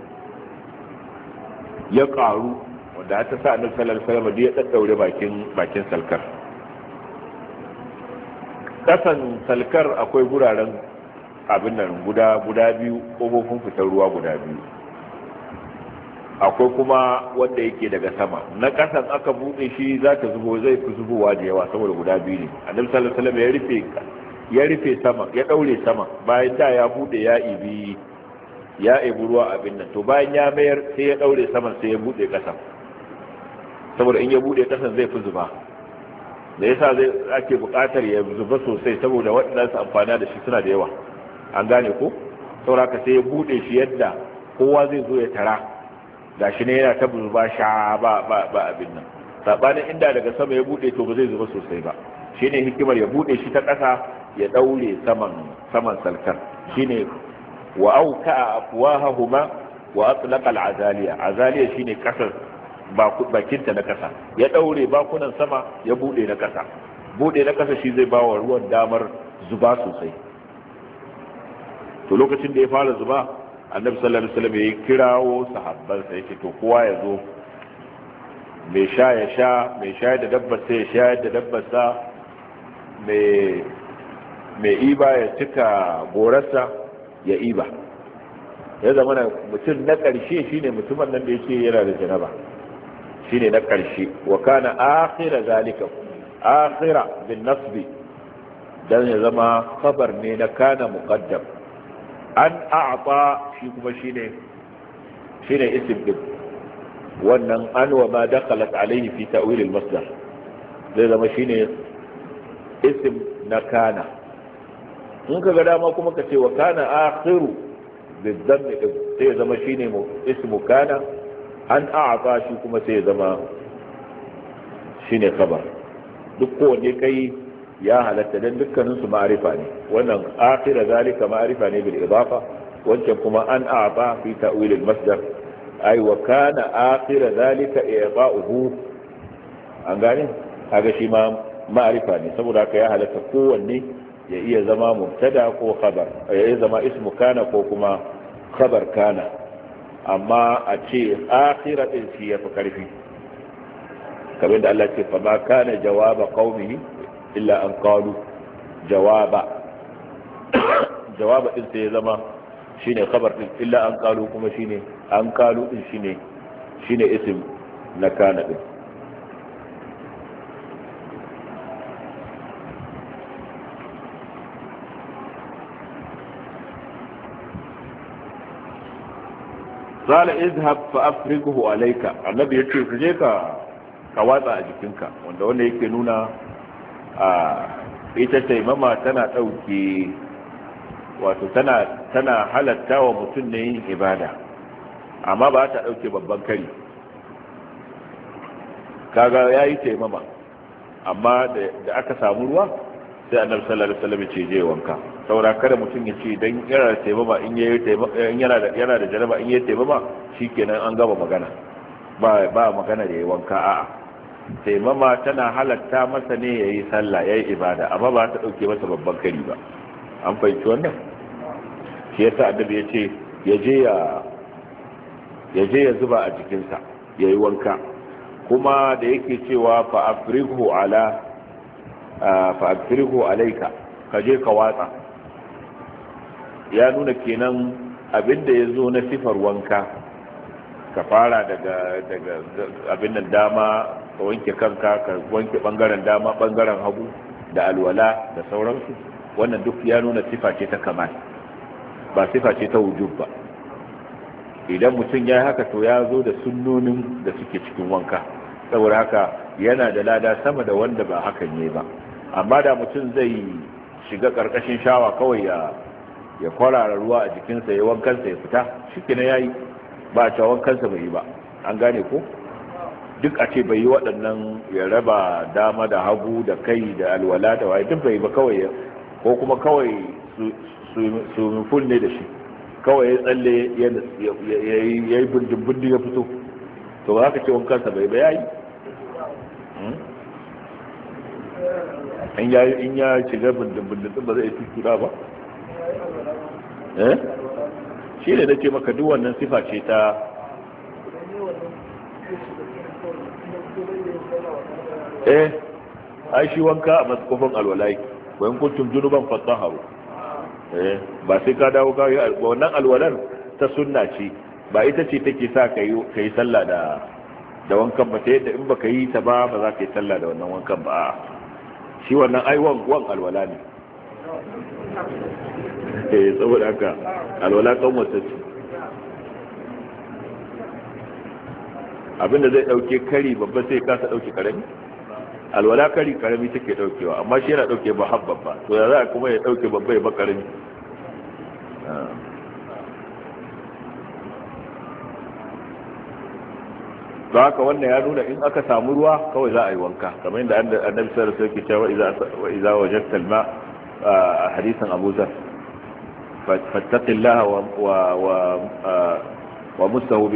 [SPEAKER 2] ya karu wanda ta sa annabi sallallahu alaihi wasallam ya daddaure bakin bakin salkar kasan salkar akwai guraren abin nan guda guda biyu kofofin fitar ruwa guda biyu akwai kuma wanda yake daga sama na kasan aka buɗe shi za ta zubo zai fi zubowa da yawa saboda guda biyu ne annabi sallallahu alaihi wasallam ya rufe ya rufe sama ya daure sama bayan da ya buɗe ya ibi ya ebi ruwa abin nan to bayan ya mayar sai ya daure saman sai ya bude kasan saboda in ya bude kasan zai fi zuba da yasa zai ake bukatar ya zuba sosai saboda waɗannan su amfana da shi suna da yawa an gane ko ka sai ya bude shi yadda kowa zai zo ya tara gashi ne yana ta zuba sha ba ba ba abin nan sabanin inda daga sama ya bude to ba zai zuba sosai ba shine hikimar ya bude shi ta ƙasa ya daure saman saman salkar shine wa auka afwahahuma wa atlaqa al'azaliya azaliya shine kasar bakinta na kasa ya daure bakunan sama ya bude na kasa bude na kasa shi zai bawa ruwan damar zuba sosai to lokacin da ya fara zuba annabi sallallahu alaihi wasallam ya kirawo sahabban sai yake to kowa ya zo me sha ya sha me sha da dabba sai ya sha da dabba sa me mai iba ya cika gorarsa ya iba ya zama na mutum na ƙarshe shine mutumin nan da ya yana da janaba shine na ƙarshe wa kana akhira zalika akhira bin nasbi dan ya zama khabar ne na kana muqaddam an a'ta shi kuma shine shine isim din wannan an wa ma dakhalat alayhi fi ta'wil al-masdar zai zama shine isim na kana in ka ga dama kuma ka ce wa kana akhiru bizzam sai zama shine ismu kana an a'ata shi kuma sai zama shine khabar duk kowanne kai ya halatta dan dukkanin su ma'arifa ne wannan akhira zalika ma'arifa ne bil idafa wancan kuma an a'ata fi ta'wil al masdar ay wa kana akhira zalika i'ta'uhu an gane kaga shi ma ma'arifa ne saboda haka ya halatta kowanne ya iya zama mubtada ko khabar ya iya zama ismu kana ko kuma khabar kana amma a ce akhira din shi yafi karfi kamar da Allah ce fa ma kana jawaba qaumihi illa an qalu jawaba jawaba din sai ya zama shine khabar din illa an qalu kuma shine an qalu din shine shine ism na kana din zala izhab fa afrighu alayka annabi yace ku je ka ka watsa a jikinka wanda wanda yake nuna a ita taimama tana dauke wato tana tana halatta wa mutum ne yin ibada amma ba ta dauke babban kari kaga yayi taimama amma da aka samu ruwa sai annabi sallallahu alaihi wasallam ya ce je wanka saura kada mutum ya ce dan yana da taimama in yana da jaraba in yi taimama kenan an gaba magana ba magana da yi wanka a'a taimama tana halatta masa ne ya yayi sallah yi ibada amma ba ta dauke masa babban kari ba an fahimci wannan shi yasa ya ce ya je ya zuba a jikinsa ya yi wanka kuma da yake cewa fa alaika ala ka je ka watsa ya nuna kenan abinda ya zo na sifar wanka ka fara daga abin nan dama ka wanke kanka ka wanke bangaren dama bangaren hagu da alwala da sauransu wannan duk ya nuna sifa ce ta kamar ba sifa ce ta wujub ba idan mutum ya haka to ya zo da sunnonin da suke cikin wanka saboda haka yana da lada sama da wanda ba hakan ne ba amma da mutum zai shiga ƙarƙashin shawa kawai ya ya kwarara ruwa a jikinsa ya wankansa ya fita shi kina ya yi ba a cewa wankansa bai yi ba an gane ko duk a ce bai yi waɗannan ya raba dama da hagu da kai da alwala da waye duk bai ba kawai ko kuma kawai su ful ne da shi kawai ya tsalle ya yi bindin bindin ya fito to ba haka ce wankansa bai ba hmm? ya yi in ya shiga bindin bindin ba zai fito tura ba eh shi ne na ce maka duk wannan sifa ce ta eh ai shi wanka a matsakofin alwalai bayan kuntum junuban haru eh ba sai ka dawo ka yi wannan alwalar ta sunna ce ba ita ce take sa ka yi sallah da da wankan ba ta yadda in baka yi ta ba ba za ka yi sallah da wannan wankan ba shi wannan ai wan alwala ne aka eh, yi saboda aka alwala kanwata ce abinda zai dauke kari babba sai kasa dauke karami alwala kari karami take daukewa amma shi yana dauke ba habba ba to ya za kuma ya dauke babba ya ba karami ba ah. haka wannan ya nuna in aka samu ruwa kawai za a yi wanka kamar yadda annabi sallallahu alaihi wasallam ke cewa idza wajadta al-ma a ah, hadisin abuzar fattaqillaha wa wa wa musahu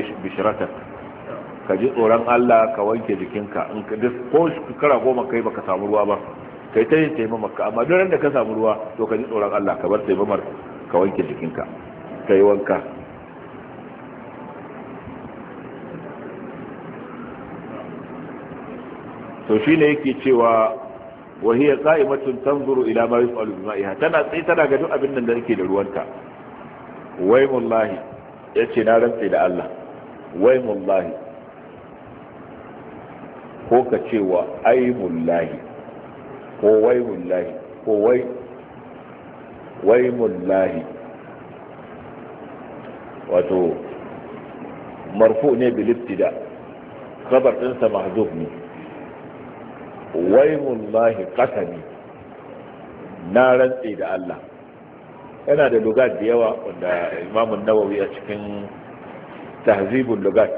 [SPEAKER 2] ka ji tsoron Allah ka wanke jikinka in ka duk ko kara goma kai baka samu ruwa ba kai ta yin taimama ka amma duk da ka samu ruwa to ka ji tsoron Allah ka bar taimamar ka wanke jikinka ka yi wanka to shine yake cewa wa ya qa'imatun tanzuru ila ma yaf'alu bi tana tsaye tana ga abin da yake da ruwanta wai wallahi yace na rantse da Allah wai wallahi ko ka ce wa ai mullahi ko wai mullahi ko wai wai wato marfu ne bil ibtida ɗinsa mahzuf ne waimullahi qasami na rantse da Allah yana da lugat da yawa wanda Imam Nawawi a cikin tahzibul lugat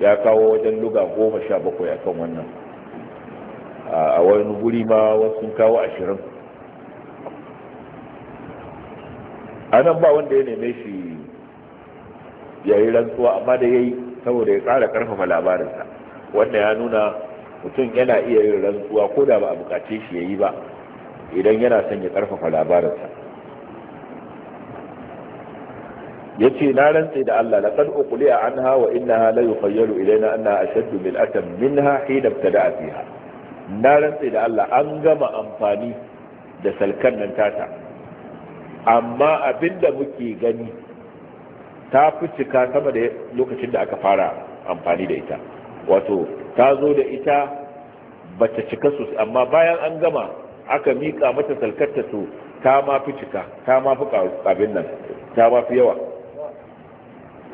[SPEAKER 2] ya kawo wajen luga goma sha bakwai akan wannan a wani guri ma wasu kawo ashirin anan ba wanda ya neme shi ya rantsuwa amma da ya yi saboda ya ƙara ƙarfafa labarinsa wanda ya nuna mutum yana iya yin rantsuwa ko da ba a bukace shi ya yi ba idan yana son ya karfafa labarinsa ya ce na rantse da Allah laqad uqliya anha wa innaha la yukhayyalu ilayna ana ashaddu mil'atan minha fita da fiha na rantse da Allah an gama amfani da salkan nan tata amma abinda muke gani ta fi cika sama da lokacin da aka fara amfani da ita wato ta zo da ita bata cika su amma bayan an gama aka miƙa mata salkarta to ta ma fi cika ta ma fi abin nan ta ma fi yawa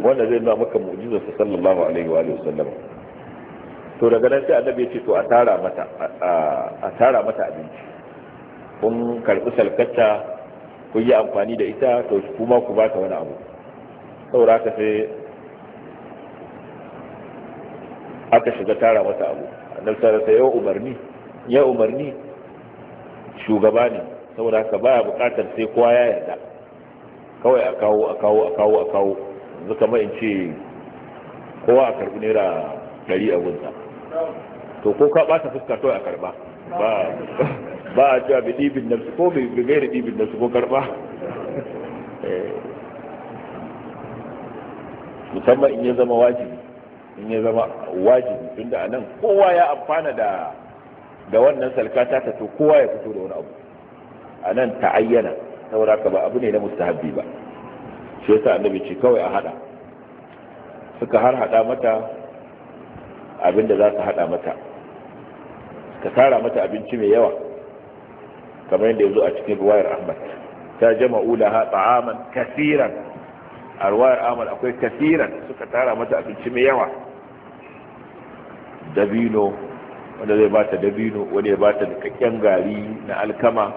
[SPEAKER 2] wanda zai nuna maka mu'jizar sa sallallahu alaihi wa sallam to daga nan sai annabi ya ce to a tara mata a tara mata abinci kun karbi salkarta kun yi amfani da ita to kuma ku ba ta wani abu saboda haka sai aka shiga tara mata abu annabi sallallahu alaihi wasallam umarni ya umarni shugaba ne saboda haka baya bukatar sai kowa ya yarda kawai a kawo a kawo a kawo a kawo zuka ma in ce kowa a karbi naira dari a gunta to ko ka bata fuska to a karba ba ba a cewa bi ɗibin nafsu ko bai da ɗibin nafsu ko karba eh. musamman in ya zama wajibi in ya zama wajibi da anan kowa ya amfana da da wannan salka ta to kowa ya fito da wani abu anan ta ayyana saboda ka ba abu ne na mustahabbi ba shi yasa annabi ce kawai a hada suka har hada mata abinda za su hada mata suka tara mata abinci mai yawa kamar yadda zo a cikin ruwayar Ahmad ta jama'u laha ta'aman kasiran a ruwayar amal akwai kafiran suka tara mata abinci mai yawa dabino wanda zai ba ta dabino wanda ya ba ta nikakken gari na alkama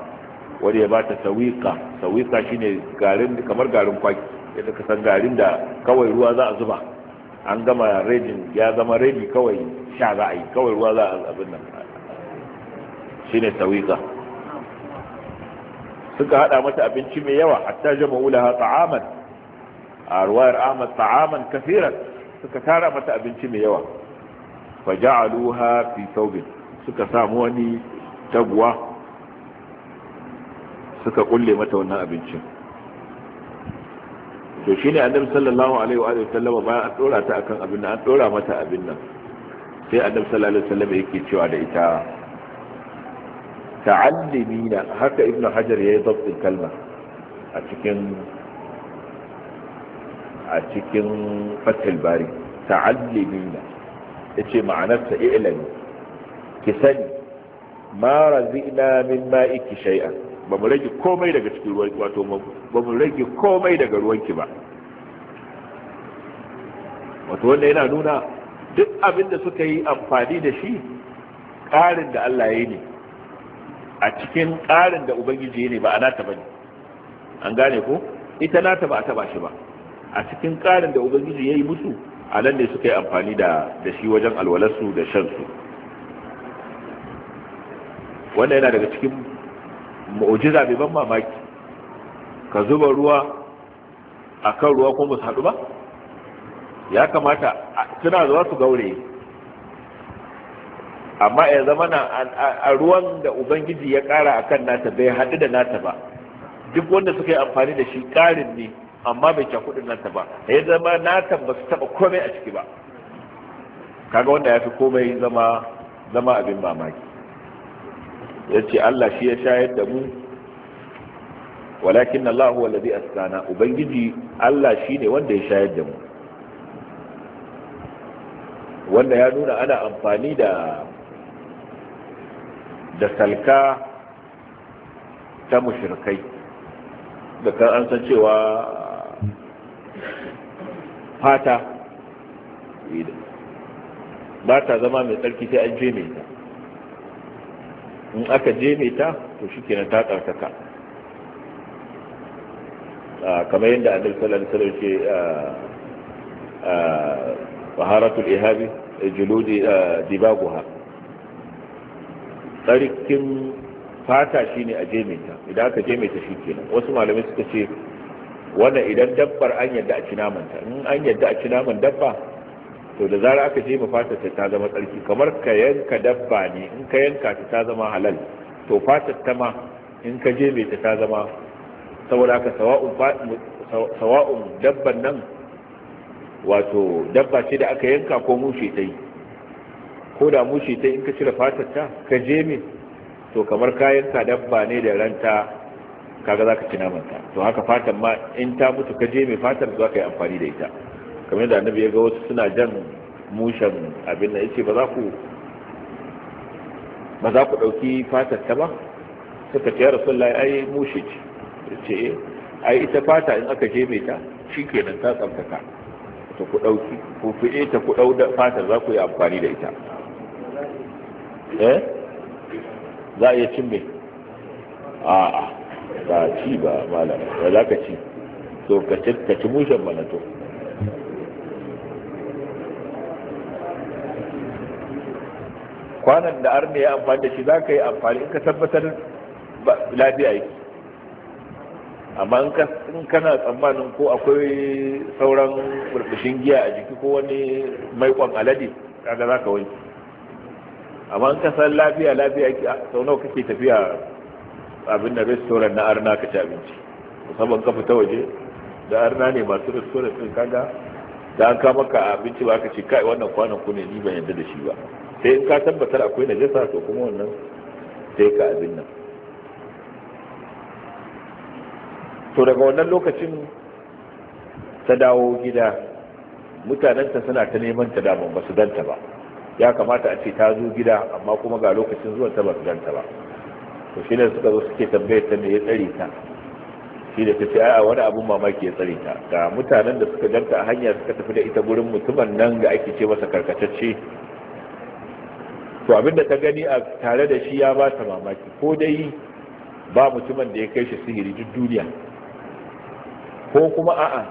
[SPEAKER 2] wanda ya ba ta sawika sawika shine garin kamar garin kwaki yadda ka san garin da kawai ruwa za a zuba an gama rejin ya zama reji kawai sha za a yi kawai ruwa za a abin nan shine sawika suka hada mata abinci mai yawa hatta jama'u laha ta'aman a ruwayar ahmad ta'aman kafiran suka tara mata abinci mai yawa fa ja'aluha fi thawbin suka samu wani taguwa suka kulle mata wannan abincin to shine annabi sallallahu alaihi wa sallam bayan an dora ta akan abin nan an dora mata abin nan sai annabi sallallahu alaihi wa sallam yake cewa da ita ta'allimina haka ibnu hajar yayi dabtin kalma a cikin a cikin fatil bari Ya yace ma'anarsa ilimi ki sani ma razina min ma'iki shay'an ba mu rage komai daga cikin ruwan wato ba mu rage komai daga ruwanki ba wato wanda yana nuna duk abin da suka yi amfani da shi ƙarin da Allah ya ne a cikin ƙarin da Ubangiji ya ne ba a nata ba ne an gane ko ita nata ba a taba shi ba a cikin ƙarin da ubangiji ya yi musu a nan ne suka yi amfani da shi wajen alwalarsu da shansu wannan yana daga cikin mu'ujiza mai ban mamaki ka zuba ruwa a kan ruwa kuma su haɗu ba ya kamata suna zuwa su gaure amma ya zama na a ruwan da ubangiji ya ƙara a kan nata bai haɗu da nata ba duk wanda suka yi amfani da shi ƙarin ne amma bai kudin nan ta ba ya zama na tabbata taba komai a ciki ba kaga wanda ya fi komai zama zama abin mamaki ya ce Allah shi ya shayar da mu walakin Allah huwa ladhi asana ubangiji Allah shi ne wanda ya shayar da mu wanda ya nuna ana amfani da da salka ta mushrikai da kan an san cewa fata ba ta zama mai tsarki sai an jeme ta in aka jeme ta to shi kenan ta tsarkaka ah, kamar yadda annabi sallallahu alaihi wasallam ce taharatul ah, ah, ihabi eh, juludi dibaguha tsarkin fata shine a jeme ta idan aka jeme ta shi kenan wasu malamai suka ce wanda idan dabbar an yadda a ci ta in an yadda a ci naman dabba to da zarar aka je fata ta ta zama tsarki kamar ka yanka dabba ne in ka yanka ta ta zama halal to fata ta ma in ka je mai ta ta zama saboda haka sawa'un dabban nan wato dabba ce da aka yanka ko mushe ta yi ko da mushe ta in ka cire fatar ta ka je mai to kamar ka yanka dabba ne da ranta kaga zaka ci naman ta to haka fatan ma in ta mutu ka je mai fatar za ka yi amfani da ita kamar yadda annabi ya ga wasu suna jan mushen abin da yace ba za ku ba za ku dauki fatar ta ba suka ce ya rasulullahi ai mushe ce eh, ai ita fata in aka je mai ta shikenan ta tsamtaka to ku dauki ku fiye ta ku dau da fatar za ku yi amfani da ita eh za a iya cin mai a'a ba ci ba malam ba za ka ci to ka ci mushen mana to kwanan da arna ya amfani da shi za ka yi amfani in ka tabbatar lafiya yake amma in kana tsammanin ko akwai sauran burbushin giya a jiki ko wani maikon alade kaga za ka wani amma in ka san lafiya lafiya yake sau nawa kake tafiya abin da restaurant na arna ka ci abinci musamman kafa ta waje da arna ne masu restaurant sun kaga da an kama ka abinci ba ka ce kai wannan kwanan ku ne ni ban yadda da shi ba sai in ka tabbatar akwai na najasa to kuma wannan sai ka abin nan to daga wannan lokacin ta dawo gida mutanenta suna ta neman ta daman ba su danta ba ya kamata a ce ta zo gida amma kuma ga lokacin zuwa ta ba su danta ba to shi ne suka zo suke tambayar ta me ya tsare ta shi da ta ce a wani abun mamaki ya tsare ta ga mutanen da suka janta a hanya suka tafi da ita gurin mutumin nan da ake ce masa karkatacce to abinda ta gani a tare da shi ya ba ta mamaki ko dai ba mutumin da ya kai shi sihiri duk duniya ko kuma a'a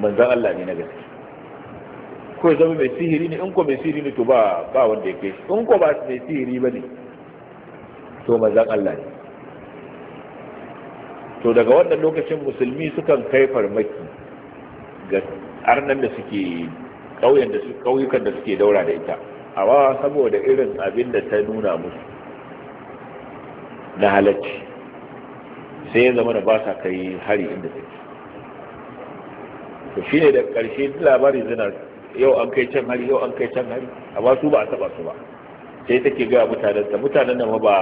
[SPEAKER 2] manzan Allah ne na gaske ko ya zama mai sihiri ne in ko mai sihiri ne to ba ba wanda ya kai shi in ko ba mai sihiri ba ne to manzan Allah ne to daga wannan lokacin musulmi sukan kai farmaki ga arnan da suke ƙauyen da suke ƙauyukan da suke daura da ita amma saboda irin abin da ta nuna musu na halacci sai ya zama da ba sa kai hari inda take to shine da ƙarshe labarin zinar yau an kai can hari yau an kai can hari amma su ba a taba su ba sai take gaya mutanen ta mutanen nan ba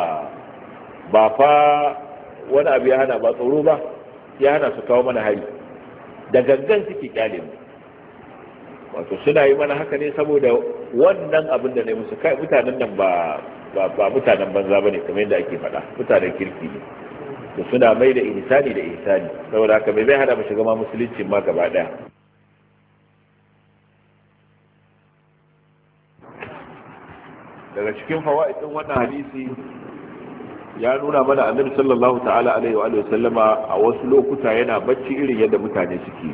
[SPEAKER 2] ba fa wani abu ya hana ba tsoro ba ya hana su kawo mana hari da gangan suke kyale mu wato suna yi mana haka ne saboda wannan abin da ne musu kai mutanen nan ba ba mutanen banza bane kamar yadda ake faɗa mutanen kirki ne to suna mai da ihsani da ihsani saboda haka bai zai hana mu shiga ma musulunci ma gaba ɗaya. daga cikin fawaid din wannan hadisi ya nuna mana annabi sallallahu ta'ala alaihi wa sallama a wasu lokuta yana bacci irin yadda mutane suke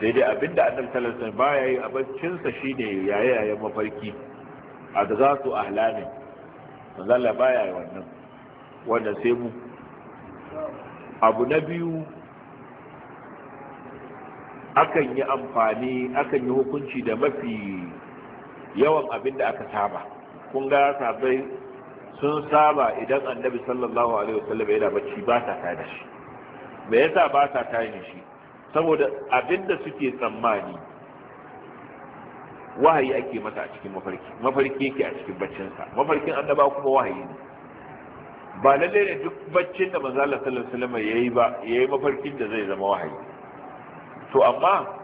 [SPEAKER 2] sai dai abinda annabi sallallahu alaihi baya yi a sa shine yayayen mafarki a da za su ahlamin manzala baya yi wannan wanda sai mu abu na biyu akan yi amfani akan yi hukunci da mafi yawan abin da aka saba kun ga sabai sun saba idan annabi sallallahu alaihi wasallam yana bacci ba sa da shi me yasa ba sa tada shi saboda abin da suke tsammani wahayi ake masa a cikin mafarki mafarki yake a cikin baccinsa mafarkin annaba kuma wahayi ne ba lalle ne duk baccin da manzo Allah sallallahu alaihi wasallam yayi ba yayi mafarkin da zai zama wahayi to amma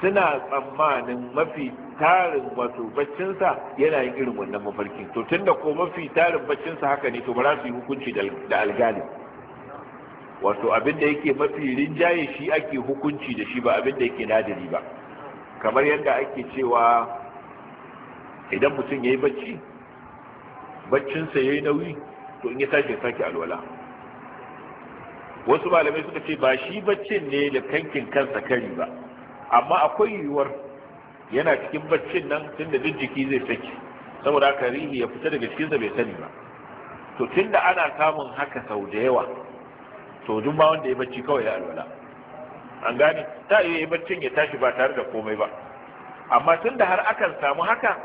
[SPEAKER 2] suna tsammanin mafi tarin wato baccinsa yana yin irin wannan mafarkin to tunda ko mafi tarin baccinsa haka ne to ba za su yi hukunci da algali wato abin da yake mafi rinjaye shi ake hukunci da shi ba abin da yake nadiri ba kamar yadda ake cewa idan mutum ya yi bacci baccinsa ya yi nauyi to in ya sake sake alwala wasu malamai suka ce ba shi baccin ne da kankin kansa kari ba amma akwai yiwuwar yana cikin baccin nan tunda duk jiki zai saki saboda haka rihi ya fita daga cikinsa bai sani ba to tunda ana samun haka sau da yawa to duk ma wanda ya bacci kawai ya alwala an gane ta iya yi baccin ya tashi ba tare da komai ba amma tunda har akan samu haka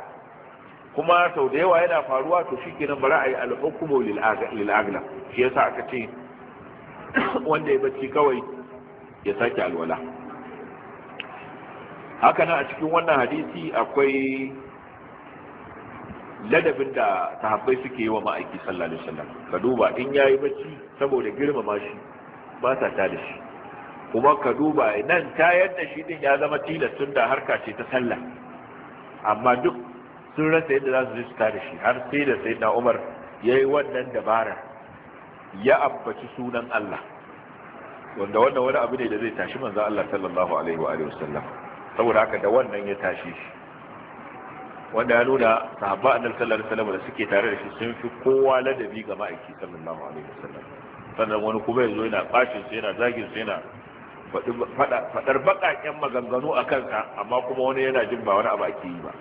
[SPEAKER 2] kuma sau da yawa yana faruwa to shi kenan za a yi alhukumu lil'agla shi yasa aka ce wanda ya bacci kawai ya sake alwala haka nan a cikin wannan hadisi akwai ladabin da sahabbai suke yi wa ma'aiki sallallahu alaihi wasallam ka duba in yayi bacci saboda girmama shi ba sa ta da shi kuma ka duba nan tayar da shi din ya zama tilas da harka ce ta sallah amma duk sun rasa yadda za su ji su ta da shi har sai da sayyidina Umar yayi wannan dabara ya abbaci sunan Allah wanda wannan wani abu ne da zai tashi manzo Allah sallallahu alaihi wa alihi wasallam saboda haka da wannan ya tashi shi wanda ya nuna sahabba annal sallallahu alaihi wasallam da suke tare da shi sun fi kowa ladabi ga ma'aiki sallallahu alaihi wasallam sannan wani kuma yazo yana bashin su yana zagin su yana fadar bakakken maganganu a kansa amma kuma wani yana jin ba wani abu ake yi ba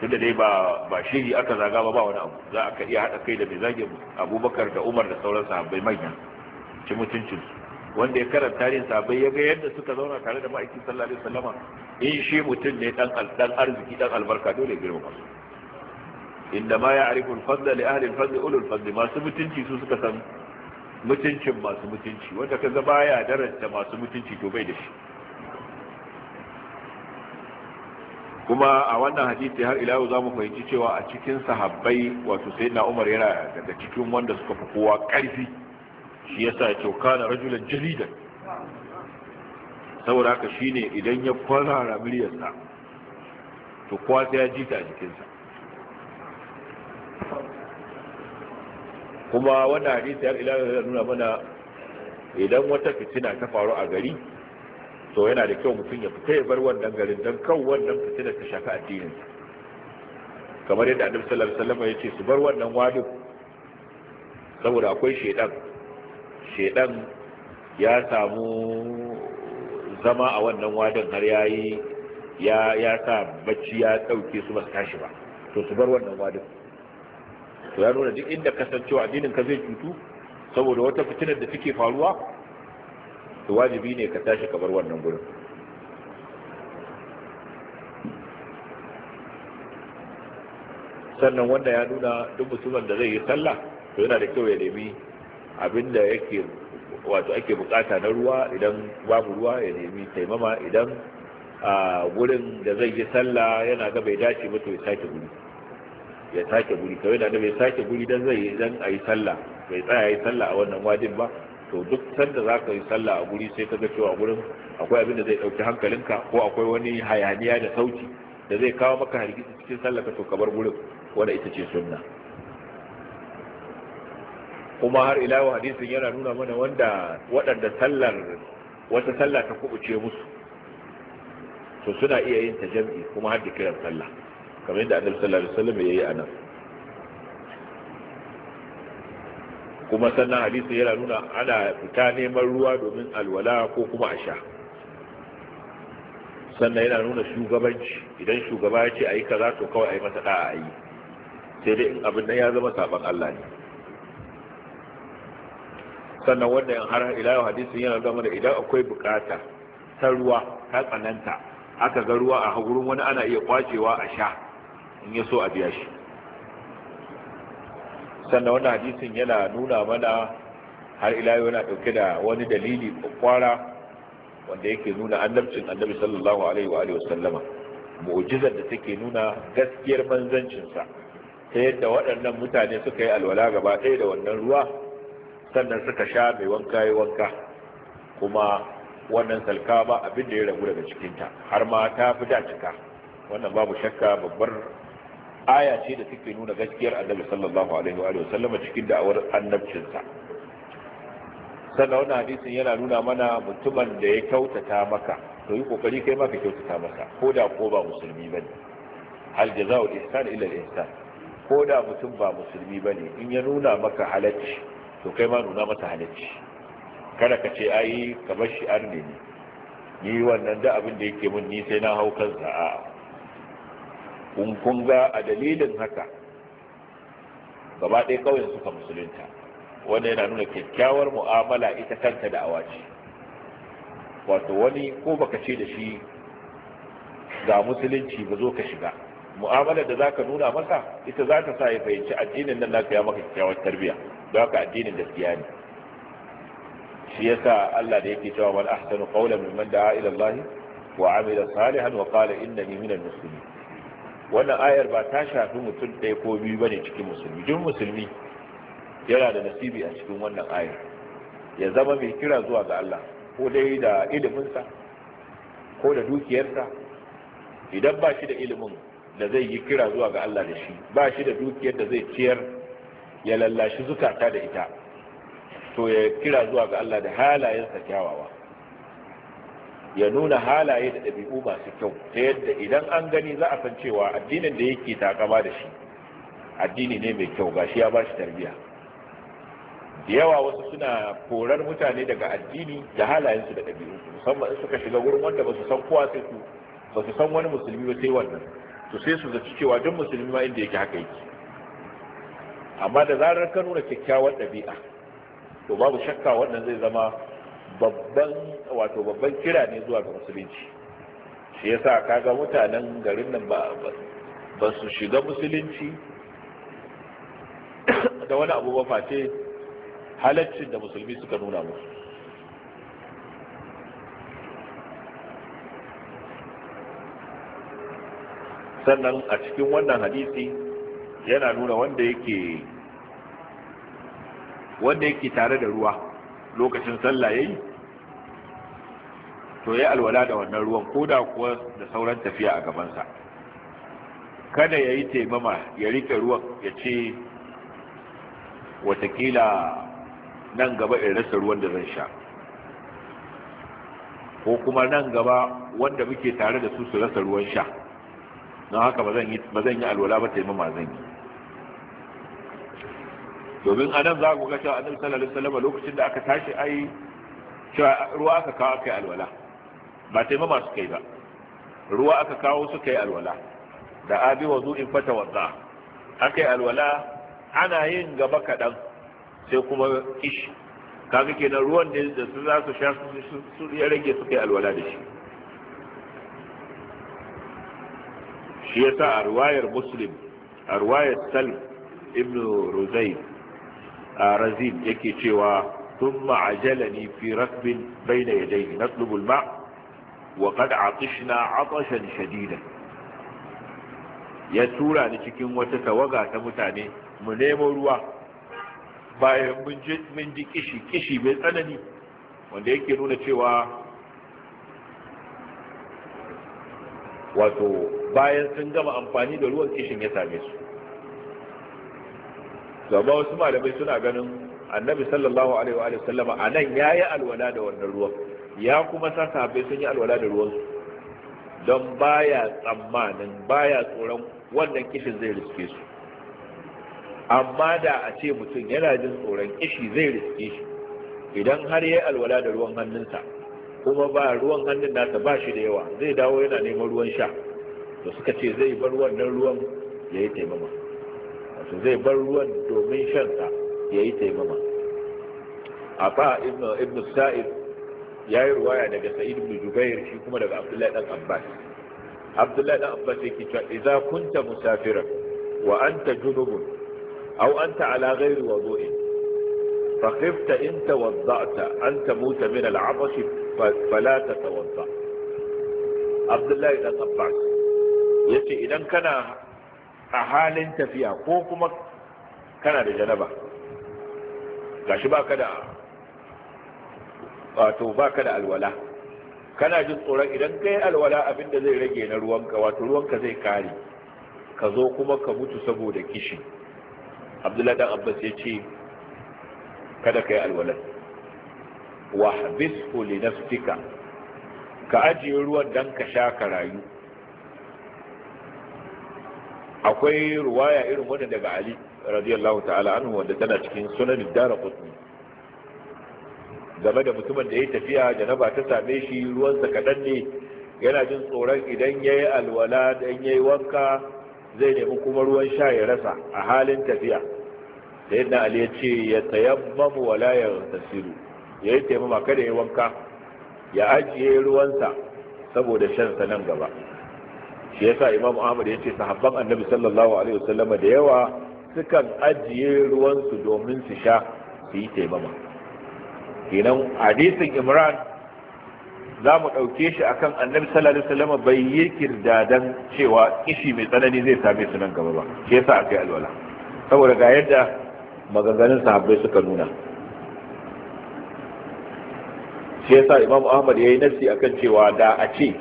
[SPEAKER 2] tunda dai ba ba shiri aka zaga ba ba wani abu za a ka iya hada kai da mai zagin abubakar da umar da sauran sahabbai manya ci mutuncinsu wanda ya karanta tarihin sahabbai ya ga yadda suka zauna tare da ma'aiki sallallahu alaihi wasallama in eh, shi mutum ne dan dan arziki dan albarka dole girma masu inda ma ya arifun fadla li ahli fadli ulul fadli masu mutunci su suka san mutuncin masu mutunci wanda kaza baya daranta masu mutunci to bai da shi kuma a wannan hadisi har ila yau zamu fahimci cewa a cikin sahabbai wato sayyidina Umar yana daga cikin wanda suka fi kowa karfi shi yasa ya ce kana rajulan jalidan saboda haka shine idan ya kwarara muryarsa to kowa sai ya jita a jikinsa kuma wanda hadisi har ila ya nuna mana idan wata fitina ta faru a gari to yana da kyau mutum ya fita ya bar wannan garin don kan wannan fitina ta shafi addinin kamar yadda annabi sallallahu alaihi wasallam ya ce su bar wannan wadin saboda akwai shedan shedan ya samu zama a wannan wadin har yayi ya ya sa bacci ya dauke su ba su tashi ba to su bar wannan wadin to ya nuna duk inda kasancewa addinin ka zai cutu saboda wata fitinar da take faruwa to wajibi ne ka tashi ka bar wannan gurin sannan wanda ya nuna duk mutumin da zai yi sallah to yana da kyau ya nemi abinda yake wato ake bukata na ruwa idan babu ruwa ya nemi taimama idan a gurin da zai yi sallah yana ga bai dace mutu ya sake guri ya sake guri kawai da bai sake guri dan zai idan a sallah bai tsaya yi sallah a wannan wadin ba to duk sanda za ka yi sallah a guri sai ka ga cewa gurin akwai abin da zai ɗauki hankalinka ko akwai wani hayaniya da sauti da zai kawo maka hargitsi cikin sallah ka to kabar gurin wanda ita ce sunna kuma har ila yau hadisin yana nuna mana wanda waɗanda sallar wata sallah ta kubuce musu to suna iya yin ta jam'i kuma har da kiran sallah kamar yadda annabi sallallahu alaihi wasallam yayi anan kuma sannan hadisin yana nuna ana fita neman ruwa domin alwala ko kuma a sha sannan yana nuna shugabanci idan shugaba ya ce a yi kaza to kawai a yi masa da'a a yi sai dai in abin nan ya zama saban Allah ne sannan wanda wannan har ila yau hadisin yana da idan akwai bukata ta ruwa ta tsananta aka ga ruwa a gurin wani ana iya kwacewa a sha in ya so a biya shi sannan wannan hadisin yana nuna mana har ila yau yana dauke da wani dalili kwara wanda yake nuna annabcin annabi sallallahu alaihi wa alihi wasallama mu'jizar da take nuna gaskiyar manzancinsa ta yadda waɗannan mutane suka yi alwala gaba ɗaya da wannan ruwa sannan suka sha mai wanka yi wanka kuma wannan salka ba abin da ya ragu daga cikinta har ma ta fi da cika wannan babu shakka babbar aya ce da suke nuna gaskiyar annabi sallallahu alaihi wa sallama cikin da'awar annabcinsa sannan wannan hadisin yana nuna mana mutumin da ya kyautata maka to yi kokari kai ma ka kyautata masa ko da ko ba musulmi bane hal jazaa'u ihsan illa al ihsan ko da mutum ba musulmi bane in ya nuna maka halacci to kai ma nuna masa halacci kada ka ce ai ka bar shi an ne ni wannan da abin da yake mun ni sai na hau kansa a kun kun ga a dalilin haka gaba ɗaya kauyen suka musulunta wanda yana nuna kyakkyawar mu'amala ita kanta da awaci wato wani ko baka ce da shi ga musulunci ba zo ka shiga mu'amalar da zaka nuna masa ita za ta sa ya fahimci addinin nan na ya maka kyakkyawar tarbiyya don haka addinin gaskiya ne shi yasa Allah da yake cewa wal ahsanu qawlan mimman da'a ila Allah wa amila salihan wa qala innani minal muslimin wannan ayar ba ta shafi mutum ɗaya ko biyu bane cikin musulmi duk musulmi yana da nasibi a cikin wannan ayar ya zama mai kira zuwa ga Allah ko dai da iliminsa ko da dukiyarsa idan ba shi da ilimin da zai yi kira zuwa ga Allah da shi ba shi da dukiyar da zai ciyar ya lallashi zukata da ita to ya kira zuwa ga Allah da halayensa kyawawa ya nuna halaye da ɗabi'u masu kyau ta yadda idan an gani za a san cewa addinin da yake takama da shi addini ne mai kyau gashi ya bashi tarbiya da yawa wasu suna korar mutane daga addini da halayensu da ɗabi'u musamman suka shiga wurin wanda ba su san kowa sai su ba su san wani musulmi ba sai wannan to sai su zaci cewa duk musulmi ma inda yake haka yake amma da zarar ka nuna kyakkyawar ɗabi'a to babu shakka wannan zai zama babban wato babban kira ne zuwa ga musulunci shi ka ga mutanen garin nan ba ba su shiga musulunci da wani abu ba face halaccin da musulmi suka nuna musu sannan a cikin wannan hadisi yana nuna wanda yake wanda yake tare da ruwa lokacin sallah yayi to ya alwala da wannan ruwan koda kuwa da sauran tafiya a gabansa kada ya yi taimama ya rike ruwan ya ce watakila nan gaba in rasa ruwan da zan sha ko kuma nan gaba wanda muke tare da su su rasa ruwan sha don haka ba zan yi alwala ba taimama zan yi domin anan za ku ga cewa annabi sallallahu alaihi wasallam lokacin da aka tashi ai cewa ruwa aka kawo aka yi alwala ba ma masu kai ba ruwa aka kawo su kai alwala da abi wazu in fata wadda aka yi alwala ana yin gaba kaɗan sai kuma kish kaga kenan ruwan da su za su sha su ya rage su kai alwala da shi shi yasa a ruwayar muslim a ruwayar salim ibn ruzayn razin yake cewa thumma ajalani fi rakbin bayna yadayhi na al-ma' wa kada a qad a 'atashan shadida ya tura ni cikin wata tawaga ta mutane mu nemo ruwa bayan mun ji kishi kishi mai tsanani wanda yake nuna cewa wato bayan sun gama amfani da ruwan kishin ya same su to wasu malamai suna ganin annabi sallallahu alaihi wa sallama a nan ya yi alwala da wannan ruwan ya kuma sa sahabbai sun yi alwala da ruwan don baya tsammanin baya tsoron wannan kishin zai riske su amma da a ce mutum yana jin tsoron kishi zai riske shi idan har ya alwala da ruwan hannunsa kuma ba ruwan hannun nasa ba shi da yawa zai dawo yana neman ruwan sha da suka ce zai bar wannan ruwan ya yi taimama zai bar ruwan domin shansa ya yi taimama a ba ibn sa'id ya yi ruwaya daga sa'id ibn jubair shi kuma daga abdullahi dan abbas abdullahi dan abbas yake cewa idza kunta musafiran wa anta junubun aw anta ala ghairi wudu'in fa khifta in tawadda'ta an tamuta min al-'atash fala tatawadda abdullahi dan abbas yace idan kana a halin tafiya ko kuma kana da janaba gashi baka da wato baka da alwala kana jin tsoron idan kai alwala abinda zai rage na ruwanka wato ruwanka zai kare ka zo kuma ka mutu saboda kishi abdullahi dan abbas ya ce kada ka yi wa wahbisku li nafsika ka ajiye ruwan dan ka sha ka rayu akwai ruwaya irin wannan daga ali radiyallahu ta'ala anhu wanda tana cikin sunan dara qutni game da mutumin da ya tafiya janaba ta same shi ruwansa kaɗan ne yana jin tsoron idan ya yi alwala dan ya yi wanka zai nemi kuma ruwan sha ya rasa a halin tafiya da yadda ali ya ce ya tayammamu wala ya tasiru ya yi taimama kada ya wanka ya ajiye ruwansa saboda shansa nan gaba shi yasa imamu ahmad ya ce sahabban annabi sallallahu alaihi wasallam da yawa sukan ajiye ruwansu domin su sha su yi taimama kenan hadisin imran za mu ɗauke shi akan annabi sallallahu alaihi wasallam bai yi kirdadan cewa kishi mai tsanani zai same su nan gaba ba shi yasa aka yi alwala saboda ga yadda maganganun sahabbai suka nuna shi yasa imamu ahmad ya yi nafsi akan cewa da a ce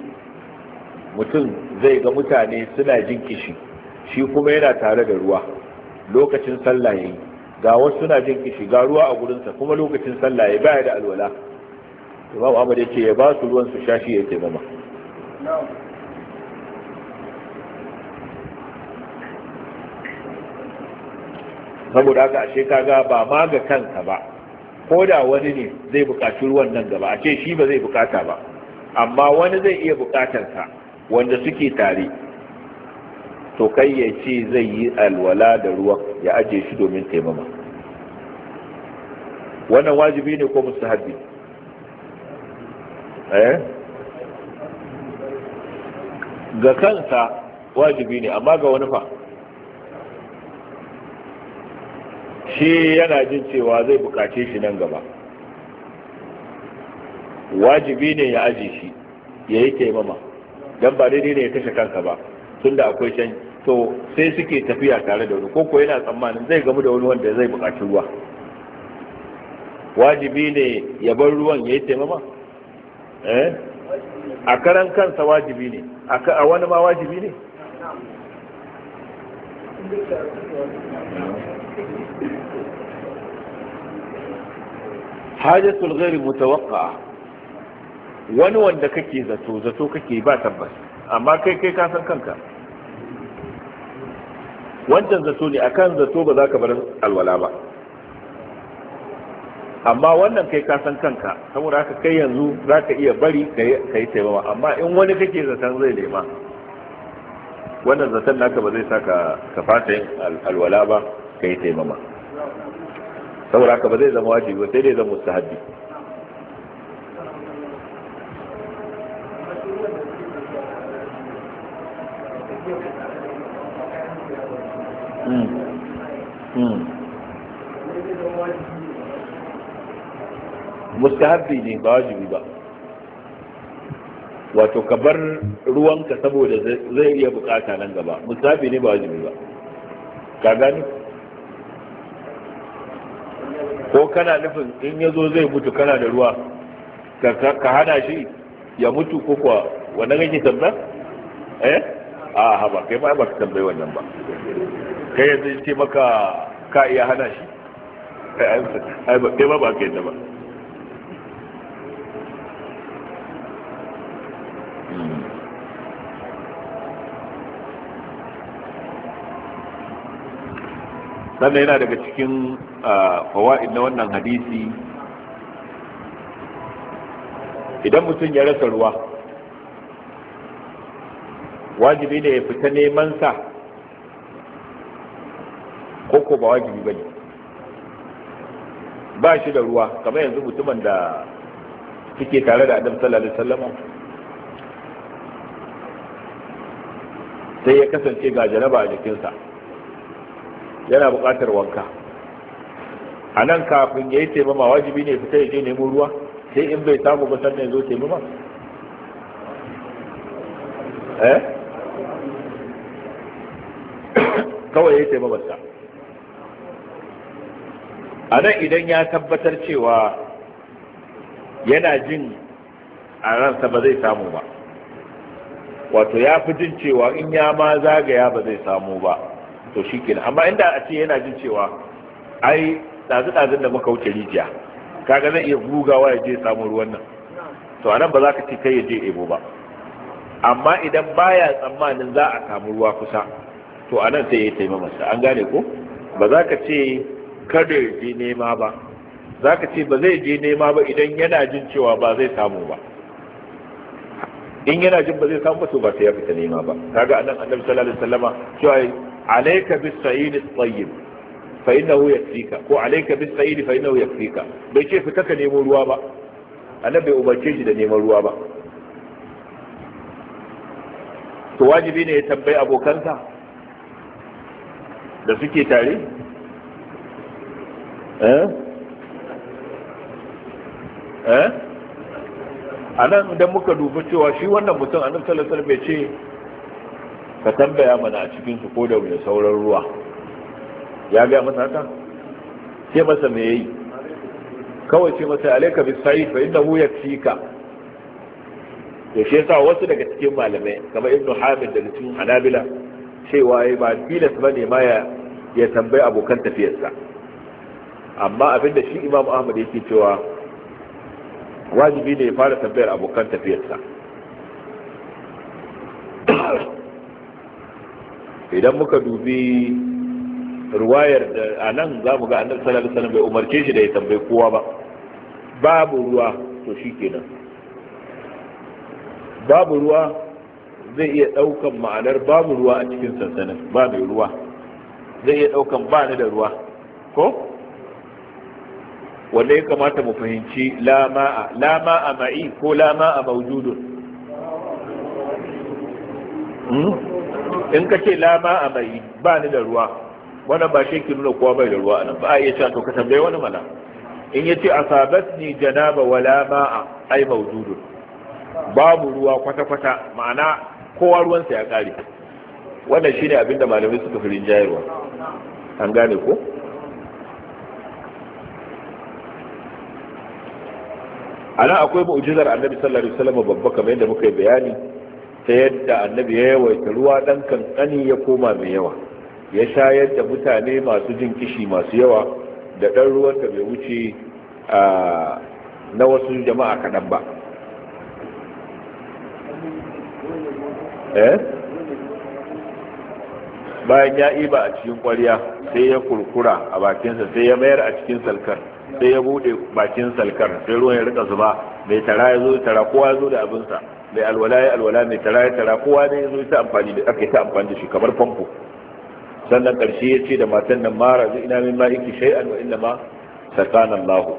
[SPEAKER 2] mutum zai ga mutane suna jin kishi shi kuma yana tare da ruwa lokacin sallah yayi ga wasu suna jin kishi ga ruwa a gurinsa kuma lokacin sallah yayi baya da alwala Babu ahmad ya ce ya ba su ruwan su sha shi ya taimama saboda haka ashe kaga ba ma ga kanka ba ko da wani ne zai bukaci ruwan nan gaba a ce shi ba zai bukata ba amma wani zai iya bukatar ka wanda suke tare to kai ya ce zai yi alwala da ruwa ya aje shi domin taimama wannan wajibi ne ko mustahabi eh ga kansa wajibi ne amma ga wani fa shi yana jin cewa zai bukace shi nan gaba wajibi ne ya aje shi ya yi taimama dan ba daidai ne ya kashe kansa ba tunda akwai shan to sai suke tafiya tare da wani ko ko yana tsammanin zai gamu da wani wanda zai buƙaci ruwa wajibi ne ya bar ruwan ya yi taimama eh a karan kansa wajibi ne a wani ma wajibi ne hajjatul الغير mutawakka wani wanda kake zato zato kake ba tabbas amma kai kai ka san kanka wancan zato ne akan zato ba za ka bar alwala ba amma wannan kai ka san kanka saboda haka kai yanzu za ka iya bari ka yi taimama amma in wani kake zaton zai nema wannan zaton naka ba zai sa ka fata yin alwala ba ka yi taimama saboda haka ba zai zama wajibi ba sai dai zama mustahabbi mustahabbi ne ba wajibi ba wato ka bar ruwanka saboda zai iya bukata nan gaba mustahabbi ne ba wajibi ba ka gani ko kana nufin in ya zo zai mutu kana da ruwa ka hana shi ya mutu ko kuwa wannan yake tambaya eh a haba kai ba ba ka tambayi wannan ba kai yanzu ce maka ka iya hana shi kai ba ba ke yadda ba sannan yana daga cikin fawa'id na wannan hadisi idan mutum ya rasa ruwa wajibi ne ya fita neman sa ko ko ba wajibi ba ne ba shi da ruwa kamar yanzu mutumin da suke tare da adam sallallahu alaihi wasallam sai ya kasance ga jaraba a jikinsa yana buƙatar wanka a nan kafin ya yi taimama wajibi ne fita ya je nemo ruwa sai in bai samu ba sannan ya zo taimama eh kawai ya yi sa. a nan idan ya tabbatar cewa yana jin a ransa ba zai samu ba wato ya fi jin cewa in ya ma zagaya ba zai samu ba to shi kenan amma inda a ce yana jin cewa ai dazu dazun da muka wuce rijiya kaga zai iya gugawa ya je samun ruwan nan to a nan ba za ka ce kai ya je ebo ba amma idan baya tsammanin za a samu ruwa kusa to a nan sai ya taima masa an gane ko ba za ka ce kada ya je nema ba za ka ce ba zai je nema ba idan yana jin cewa ba zai samu ba in yana jin ba zai samu ba to ba sai ya fita nema ba kaga annabi sallallahu alaihi wasallama cewa عليك بالسعيد الطيب at يكفيك كو عليك بالسعيد ko يكفيك bis sa'id fa bai ce fita ka nemo ruwa ba annabi bai da neman ruwa ba wajibi ne ya tambayi abokansa da suke tare a nan idan muka dubi cewa shi wannan mutum annabi sallallahu alaihi wasallam bai ce ka tambaya mana a cikin ko da wuya sauran ruwa ya ga masa haka sai masa me yayi kawai ce masa alayka bis sa'id fa innahu yakfika ya ce yasa wasu daga cikin malamai kamar ibnu hamid daga cikin hanabila cewa ya ba ba bane ma ya ya tambayi abokan tafiyarsa amma abinda shi imam ahmad yake cewa wajibi ne ya fara tambayar abokan tafiyarsa idan muka dubi ruwayar da a nan za mu ga annar salar sana bai umarce shi da ya tambayi kowa ba babu ruwa to shi kenan. babu ruwa zai iya daukan ma'anar babu ruwa a cikin sansanin ba mai ruwa zai iya daukan ba ni da ruwa ko wanda ya kamata mu fahimci lama a ma'i ko lama a maujudun? Hmm? in ka ce lama a mai ba ni da ruwa wannan ba shi ke nuna kowa bai da ruwa a nan ba a iya cewa to ka tambaye wani mana in ya ce a ni janaba wa lama a ai mawjudun babu ruwa kwata-kwata ma'ana kowa ruwansa ya kare wannan shine abin da malamai suka fi rinjayarwa an gane ko ana akwai mu'jizar annabi sallallahu alaihi wasallam babba kamar yadda muka yi bayani ta yadda annabi ya yawaita ruwa ɗan kankani ya koma mai yawa ya shayar da mutane masu jin kishi masu yawa da ɗan ruwan da bai wuce na wasu jama'a kaɗan ba eh? bayan ya iba a cikin ƙwarya sai ya kurkura a bakinsa sai ya mayar a cikin salkar sai ya buɗe bakin salkar sai ruwan ya rika zuba mai tara ya zo tara kowa ya zo da abinsa mai alwala ya alwala mai tara ya tara kowa ne zo ta amfani da aka yi ta amfani da shi kamar famfo sannan karshe ya ce da matan nan mara zai ina min ma'aiki shai wa illa ma sakanan lahu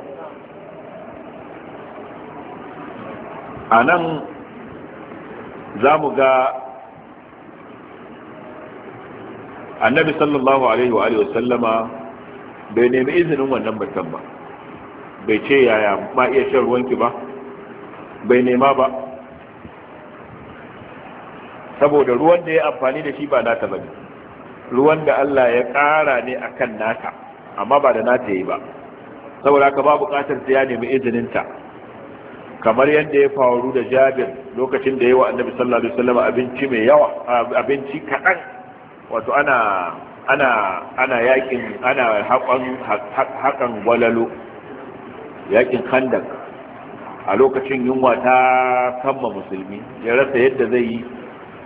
[SPEAKER 2] a nan za mu ga annabi sallallahu alaihi wa sallama bai nemi izinin wannan batan ba bai ce yaya ma iya shan ruwanki ba bai nema ba saboda ruwan da ya amfani da shi ba naka bane ruwan da Allah ya ƙara ne a kan naka amma ba da nata yi ba saboda ka ba buƙatar ta ya nemi izininta kamar yadda ya faru da Jabir lokacin da yawa Annabi sallallahu alaihi wasallam abinci mai yawa abinci kaɗan wato ana ana ana yakin ana haƙan haƙan gwalalo yakin khandak a lokacin yunwa ta kama musulmi ya rasa yadda zai yi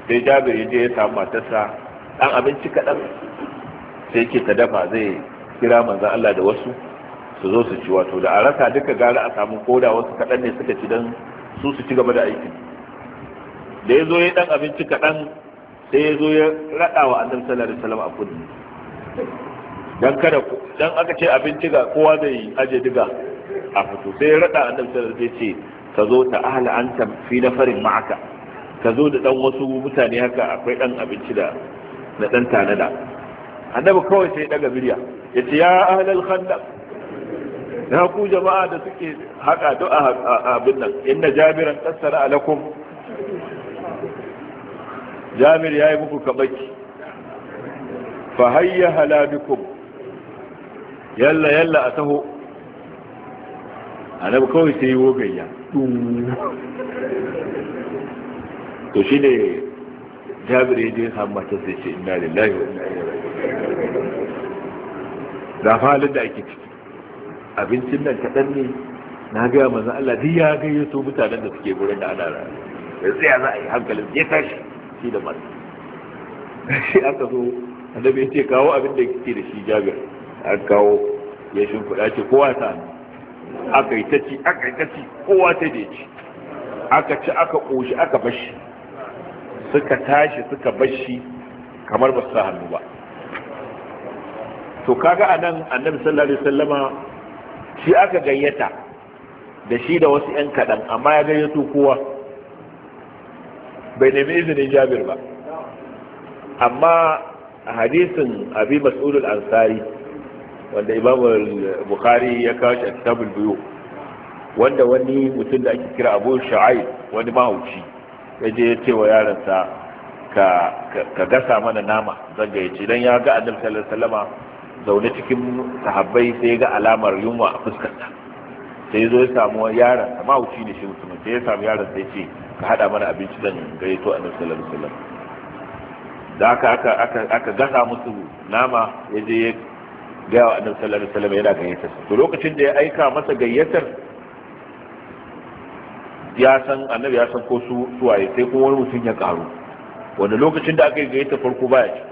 [SPEAKER 2] sai jabir ya je ya samu matarsa dan abinci kaɗan sai yake ta dafa zai kira manzan Allah da wasu su zo su ci wato da a rasa duka gara a samu koda wasu kaɗan ne suka ci don su su ci gaba da aikin da ya zo ya dan abinci kaɗan sai ya zo ya raɗa wa annabi sallallahu alaihi wasallam a kudi dan kada dan aka ce abinci ga kowa zai aje diga a fito sai ya raɗa annabi sallallahu alaihi wasallam ce ka zo ta ahli anta fi nafarin ma'aka ka zo da dan wasu mutane haka akwai dan abinci da na dan tanada annabi kawai sai daga birya ya ce ya ahlal khandaq na ku jama'a da suke haka du'a abin nan inna jabiran qassara alakum jamir yayi muku kabaki fa hayya halabikum yalla yalla a taho annabi kawai sai yi wogayya to shi ne jabir ya je samu mata sai ce inna da wa inna ilaihi da halin da ake ciki abincin nan kaɗan ne na gaya maza Allah duk ya gayyato mutanen da suke gurin da ana rana da tsaya za a yi hankalin ya tashi shi da mata shi aka zo annabi ya ce kawo abin da ke da shi jabir an kawo ya shimfiɗa ce kowa ta aka yi ta ci aka yi ta ci kowa ta da ci aka ci aka ƙoshi aka bashi suka tashi suka bashi kamar ba su hannu ba to kaga anan annabi sallallahu alaihi sallama shi aka gayyata da shi da wasu yan kaɗan, amma ya gayyato kowa bai nemi izinin jabir ba amma hadisin abi mas'ud al-ansari wanda imam bukhari ya kawo shi a kitabul buyu wanda wani mutum da ake kira abu sha'ib wani mahauci ya je ya ce wa yaransa ka gasa mana nama zan ya ce dan ya ga annabi sallallahu alaihi zaune cikin sahabbai sai ga alamar yunwa a fuskarsa sai ya zo ya samu yaran amma wuci ne shi mutumin sai ya samu yaran sai ce ka hada mana abinci zan gaito annabi sallallahu alaihi wasallam da aka aka aka aka gasa musu nama ya je ya ga annabi sallallahu alaihi wasallam yana gayyatar to lokacin da ya aika masa gayyatar ya san annabi ya san ko su suwaye sai kuma wani mutum ya karu wanda lokacin da aka yi gayyata farko baya ci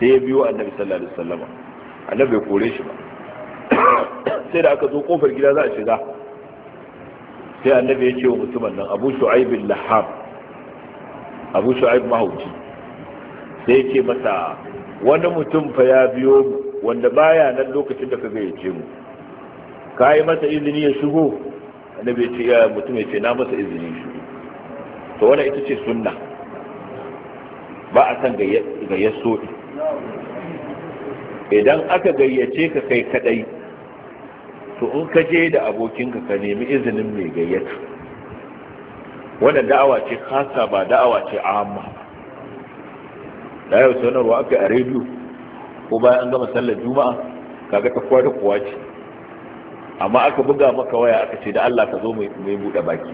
[SPEAKER 2] sai ya biyo annabi sallallahu alaihi wasallama annabi bai kore shi ba sai da aka zo kofar gida za a shiga sai annabi ya ce wa mutumin nan abu shu'aib lahab abu shu'aib mahauci sai ya ce masa wani mutum fa ya biyo wanda baya nan lokacin da ka gayyace mu ka yi masa izini ya shigo annabi ce ya mutum ya ce na masa izini shi to wannan ita ce sunna ba a san gayyar soɗi idan aka gayyace ka kai kadai to in ka je da abokinka ka nemi izinin mai gayyata wannan da'awa ce khasa ba da'awa ce amma da yau sanarwa aka a rediyo ko bayan an gama sallar juma'a kaga ta kwada kuwa ce amma aka buga maka waya aka ce da Allah ka zo mu yi buɗe baki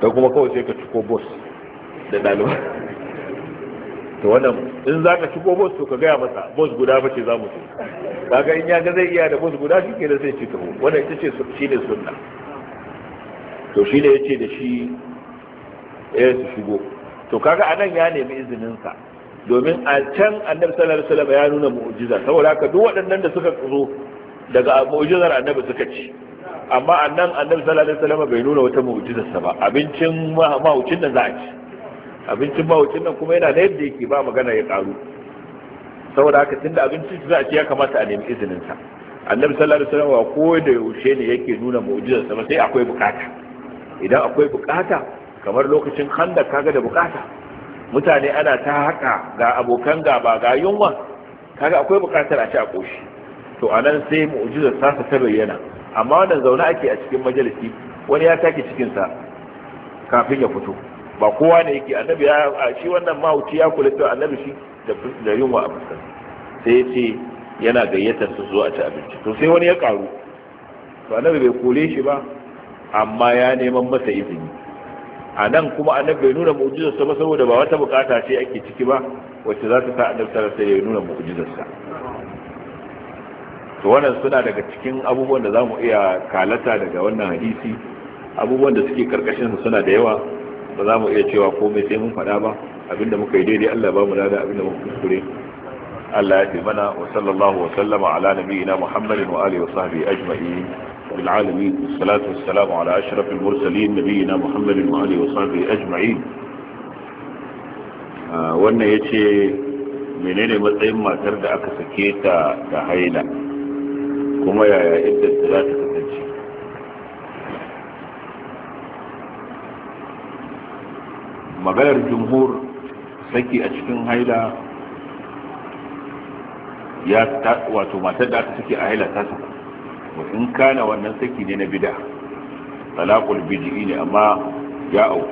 [SPEAKER 2] To kuma kawai sai ka ciko bos da ɗaliban to wannan in za ka ciko bos to ka gaya masa bos guda ba ce za mu so kaga in ya ga zai iya da bos guda shi ke da zai ci taho wannan ita ce shi ne sunna to shi ne ya ce da shi ya eh, su shigo to kaga anan ya nemi izininsa domin a can annabi sallallahu alaihi wasallam ya nuna mu'jiza saboda haka duk waɗannan da suka zo daga mu'jizar annabi suka ci amma annan annabi sallallahu alaihi wasallam bai nuna wata mu'jizar sa ba abincin mahaucin nan za a ci abincin mahaucin nan kuma yana da yadda yake ba magana ya karu saboda haka tunda abincin za a ci ya kamata a nemi izinin sa annabi sallallahu alaihi wasallam ko da yaushe ne yake nuna mu'jizar sa sai akwai bukata idan akwai bukata kamar lokacin handa kaga da bukata mutane ana ta haka ga abokan gaba ga yunwa kaga akwai bukatar a ci a koshi to a nan sai mu'jizar ta ta bayyana amma wannan zaune ake a cikin majalisi wani ya take cikin kafin ya fito ba kowa ne yake annabi ya shi wannan mahauci ya kula to annabi shi da yunwa a fuskar sai ya ce yana gayyatar su zuwa ci abinci to sai wani ya karu to annabi bai kore shi ba amma ya neman masa izini a nan kuma annabi bai nuna mu'jizarsa ba saboda ba wata bukata ce ake ciki ba wacce za ta sa annabi sallallahu ya nuna mu'ujizarsa to wannan suna daga cikin abubuwan da za mu iya kalata daga wannan hadisi abubuwan da suke karkashin su suna da yawa ba za mu iya cewa komai sai mun faɗa ba abinda muka yi daidai Allah ba mu lada abinda muka kuskure Allah ya mana wa sallallahu wa sallama ala nabiyyina Muhammadin wa alihi wa sahbihi ajma'in bil alamin salatu wassalamu ala ashrafil mursalin nabiyyina Muhammadin wa alihi wa sahbihi ajma'in ah, wannan yace menene matsayin matar da aka sake ta da haila kuma yaya iddata za ta kasance maganar jumhur saki a cikin haila ya wato matar da aka saki a haila ta saka, saku in kana wannan saki ne na bida talakul bid'i ne amma ya au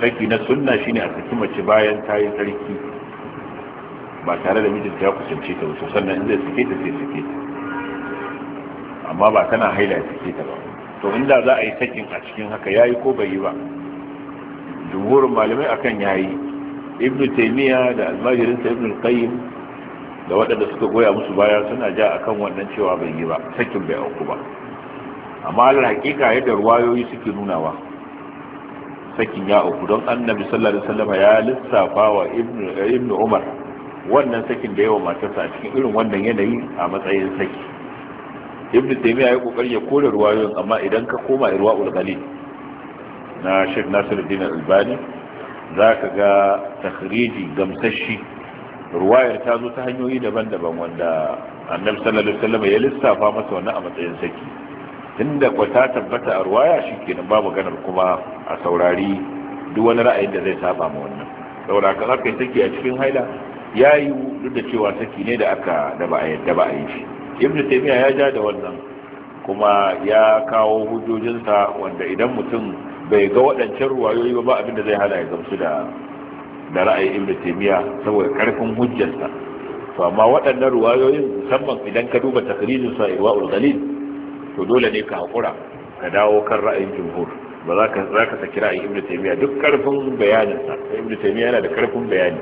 [SPEAKER 2] saki na sunna shine a saki mace bayan ta yi tsarki ba tare da mijinta ya kusance ta ba sannan in zai sake ta sai suke ta amma ba tana haila ta ba to inda za a yi sakin a cikin haka yayi ko bai yi ba jumhurin malamai akan yi. ibn taymiya da almajirinsa ibn Kayyim, qayyim da waɗanda suka goya musu baya suna ja akan wannan cewa bai yi ba sakin bai auku ba amma alal hakika yadda ruwayoyi suke nunawa sakin ya auku don annabi sallallahu alaihi wasallam ya lissafa wa ibn umar wannan sakin da yawa matarsa a cikin irin wannan yanayi a matsayin saki ibn taymiya ya kokari ya kore ruwayoyin amma idan ka koma irwa ghalil na Sheikh Nasiruddin Albani zaka ga takhriji gamsashi ruwayar ta zo ta hanyoyi daban-daban wanda Annabi sallallahu alaihi wasallam ya lissafa masa wannan a matsayin saki tunda ko ta tabbata a ruwaya shikenan babu ganar kuma a saurari duk wani ra'ayin da zai saba ma wannan saboda ka zaka yi saki a cikin haila ya yi duk da cewa saki ne da aka da ba a yi shi ibn taymiya ya ja da wannan kuma ya kawo hujjojinsa wanda idan mutum bai ga waɗancan ruwayoyi ba ba abinda zai hana ya gamsu da da ra'ayin ibn taymiya saboda karfin hujjarsa to amma waɗannan ruwayoyin musamman idan ka duba takririn sa irwaul ghalil to dole ne ka hakura ka dawo kan ra'ayin jumhur ba za ka saki ra'ayin ibn taymiya duk karfin bayaninsa ibn taymiya yana da karfin bayani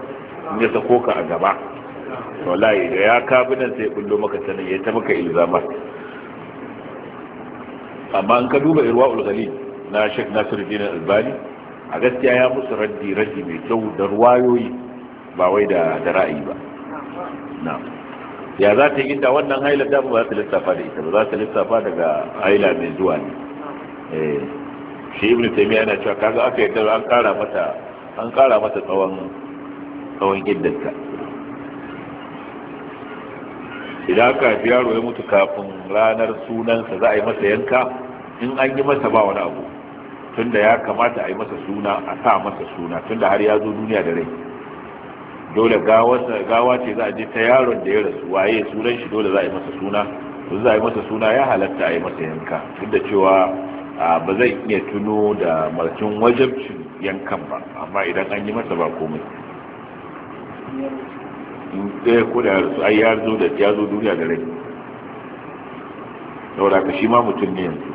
[SPEAKER 2] in ya sako ka a gaba wallahi da ya kabi nan sai bullo maka sanin ya ta maka ilzama amma in ka duba irwa ulgali na shek nasiruddin albani a gaskiya ya musu raddi raddi mai kyau da ruwayoyi ba wai da ra'ayi ba na ya za ta yi inda wannan haila da ba za ta lissafa da ita ba za ta lissafa daga haila mai zuwa ne eh, shi ibn taymiya yana cewa kaga aka yadda an kara mata an kara mata tsawon tsawon iddanta idan aka haifi yaro ya mutu kafin ranar sunansa za a yi masa yanka in an yi masa ba wani abu tunda ya kamata a yi masa suna a sa masa suna tunda har ya zo duniya da rai dole gawa ce za a je ta yaron da ya rasu waye sunan shi dole za a yi masa suna to za a yi masa suna ya halatta a yi masa yanka tunda cewa ba zai iya tuno da marcin wajabcin yankan ba amma idan an yi masa ba komai ɗaya ko da su ai ya zo da ya zo duniya da rai saboda ka shi ma mutum ne yanzu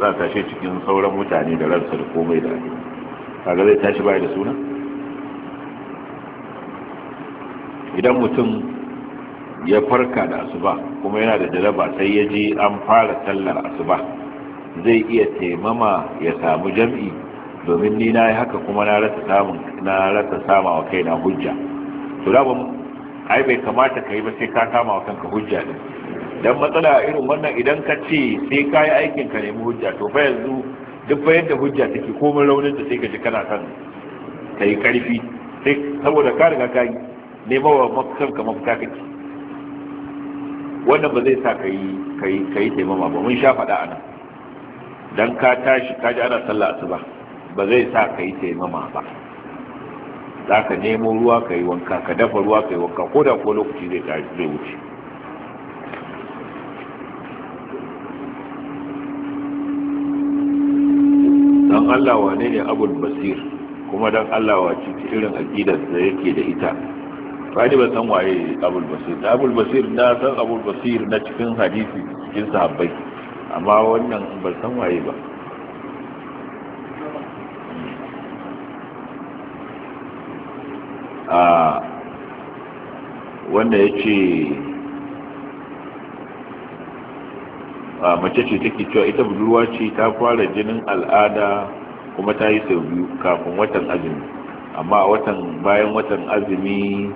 [SPEAKER 2] za a tashi cikin sauran mutane da ransa da komai da ake kaga zai tashi bai da suna idan mutum ya farka da asuba kuma yana da jaraba sai ya ji an fara sallar asuba zai iya taimama ya samu jam'i domin ni na yi haka kuma na rasa samun na rasa sama wa kaina hujja To da rabin ai bai kamata ka yi ba sai ka kama wa kanka hujja ne dan matsala irin wannan idan ka ce sai ka yi aikin ka nemi hujja to fa yanzu duk fa yadda hujja take komai raunin da sai ka ji kana kan ka karfi sai saboda ka riga ka yi nema wa mafisan ka mafita kake wannan ba zai sa ka yi kai taimama ba mun sha faɗa a dan ka tashi ka ji ana sallah asuba ba zai sa ka yi taimama ba za ka nemo ruwa ka yi wanka ka dafa ruwa ka yi wanka ko da ko lokaci zai wuce Don Allah wane ne abul basir kuma don Allah wace irin aqidar da yake da ita Fadi ba san waye abul basir da abul basir na san abul basir na cikin hadisi cikin sahabbai amma wannan ba san waye ba a wanda ya ce a mace ce take cewa ita budurwa ce ta fara jinin al'ada kuma ta yi sau biyu kafin watan azumi amma watan bayan watan azumi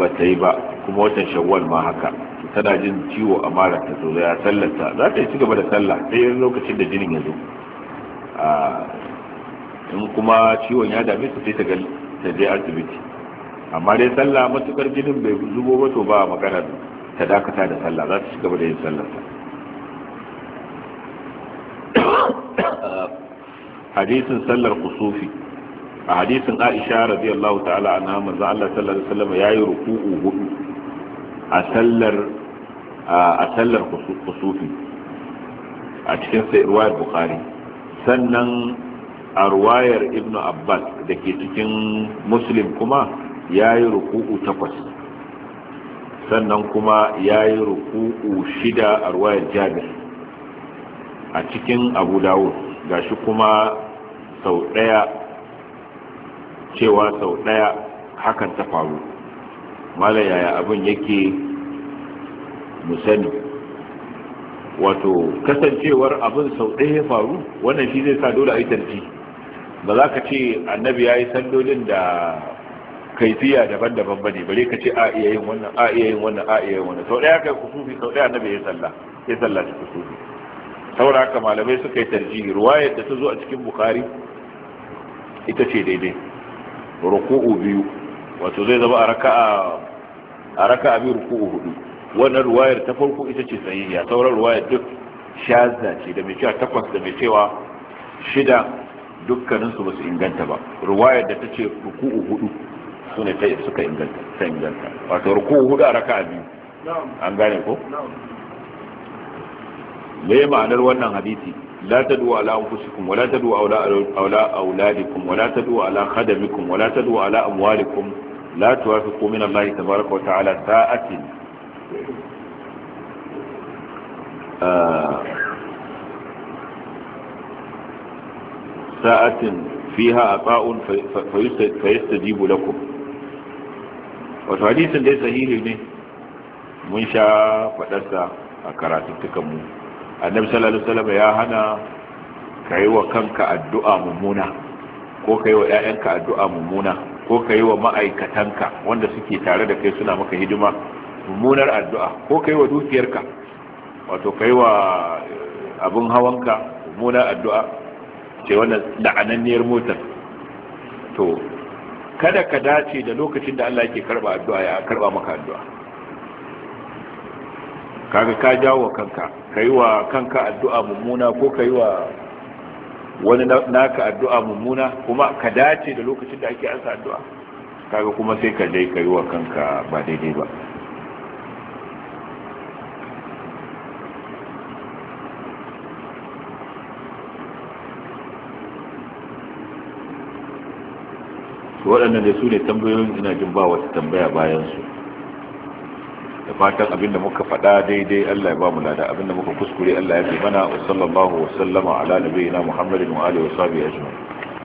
[SPEAKER 2] ba ta yi ba kuma watan shawwal ma haka tana jin ciwo a mara ta zo ya sallarta za ta yi ci gaba da sallah sai yi lokacin da jinin ya zo in kuma ciwon ya dame su sai ta ga ta je asibiti amma dai sallah matukar jinin bai zubo ba to ba magana ta dakata da sallah za ta ci da yin sallar ta hadisin sallar kusufi a hadisin aisha radiyallahu ta'ala anha manzo Allah sallallahu alaihi ya yi ruku'u hudu a sallar a sallar kusufi a cikin sai ruwayar bukhari sannan a ruwayar ibnu abbas da ke cikin muslim kuma ya yi ruku'u takwas sannan kuma ya yi ruku'u shida a ruwayar a cikin abu ga gashi kuma sau daya cewa sau daya hakan ta faru mala yaya abin yake musani wato kasancewar abin sau daya ya faru wannan shi zai sa dole a yi tarci ba za ka ce annabi ya yi sallolin da kaifiya daban-daban ba ne bare ka ce a iya yin wannan a iya yin wannan a iya yin wannan sau ɗaya kai kusufi sau ɗaya annabi ya salla ya salla ta kusufi saboda haka malamai suka yi tarjihi ruwayar da ta zo a cikin bukhari ita ce daidai ruku'u biyu wato zai zama a raka'a a raka'a biyu ruku'u hudu wannan ruwayar ta farko ita ce sahihiya sauran ruwayar duk shazza ce da mai cewa takwas da mai cewa shida dukkaninsu ba su inganta ba ruwayar da ta ce ruku'u hudu su ne ta suka inganta ta inganta wato ruku'u hudu a raka biyu an gane ko me ma'anar wannan hadisi la duwa ala anfusikum wala tad'u ala awla auladikum wala tad'u ala khadamikum wala duwa ala amwalikum la tuwafiqu min Allah tabaaraka wa ta'ala sa'atin uh, sa'atin fiha ƙaun fa yastajibu lakum wato hadisin dai sahihi ne mun sha faɗarsa a karatuttukan annabi sallallahu alaihi ya hana yi wa kanka addu'a mummuna ko yi wa 'ya'yanka addu'a mummuna ko yi wa ma'aikatanka wanda suke tare da kai suna maka hidima mummunar addu'a ko yi wa dukiyarka wato yi wa abin hawanka mummunar addu'a ce wannan la'ananniyar motar to kada ka dace da lokacin da Allah yake karba addu'a ya karba maka addu'a kaga ka jawo kanka kai wa kanka addu'a mummuna ko kai wa wani naka addu'a mummuna kuma ka dace da lokacin da ake ansa addu'a kaga kuma sai ka dai kai wa kanka ba daidai ba to waɗanda ne su ne tambayoyin ina jin ba wata tambaya bayan su da fatan abin da muka faɗa daidai Allah ya ba mu lada abinda muka kuskure Allah ya bi mana wa sallallahu wa sallama ala nabiyyina Muhammadin wa alihi wa sahbihi ajma'in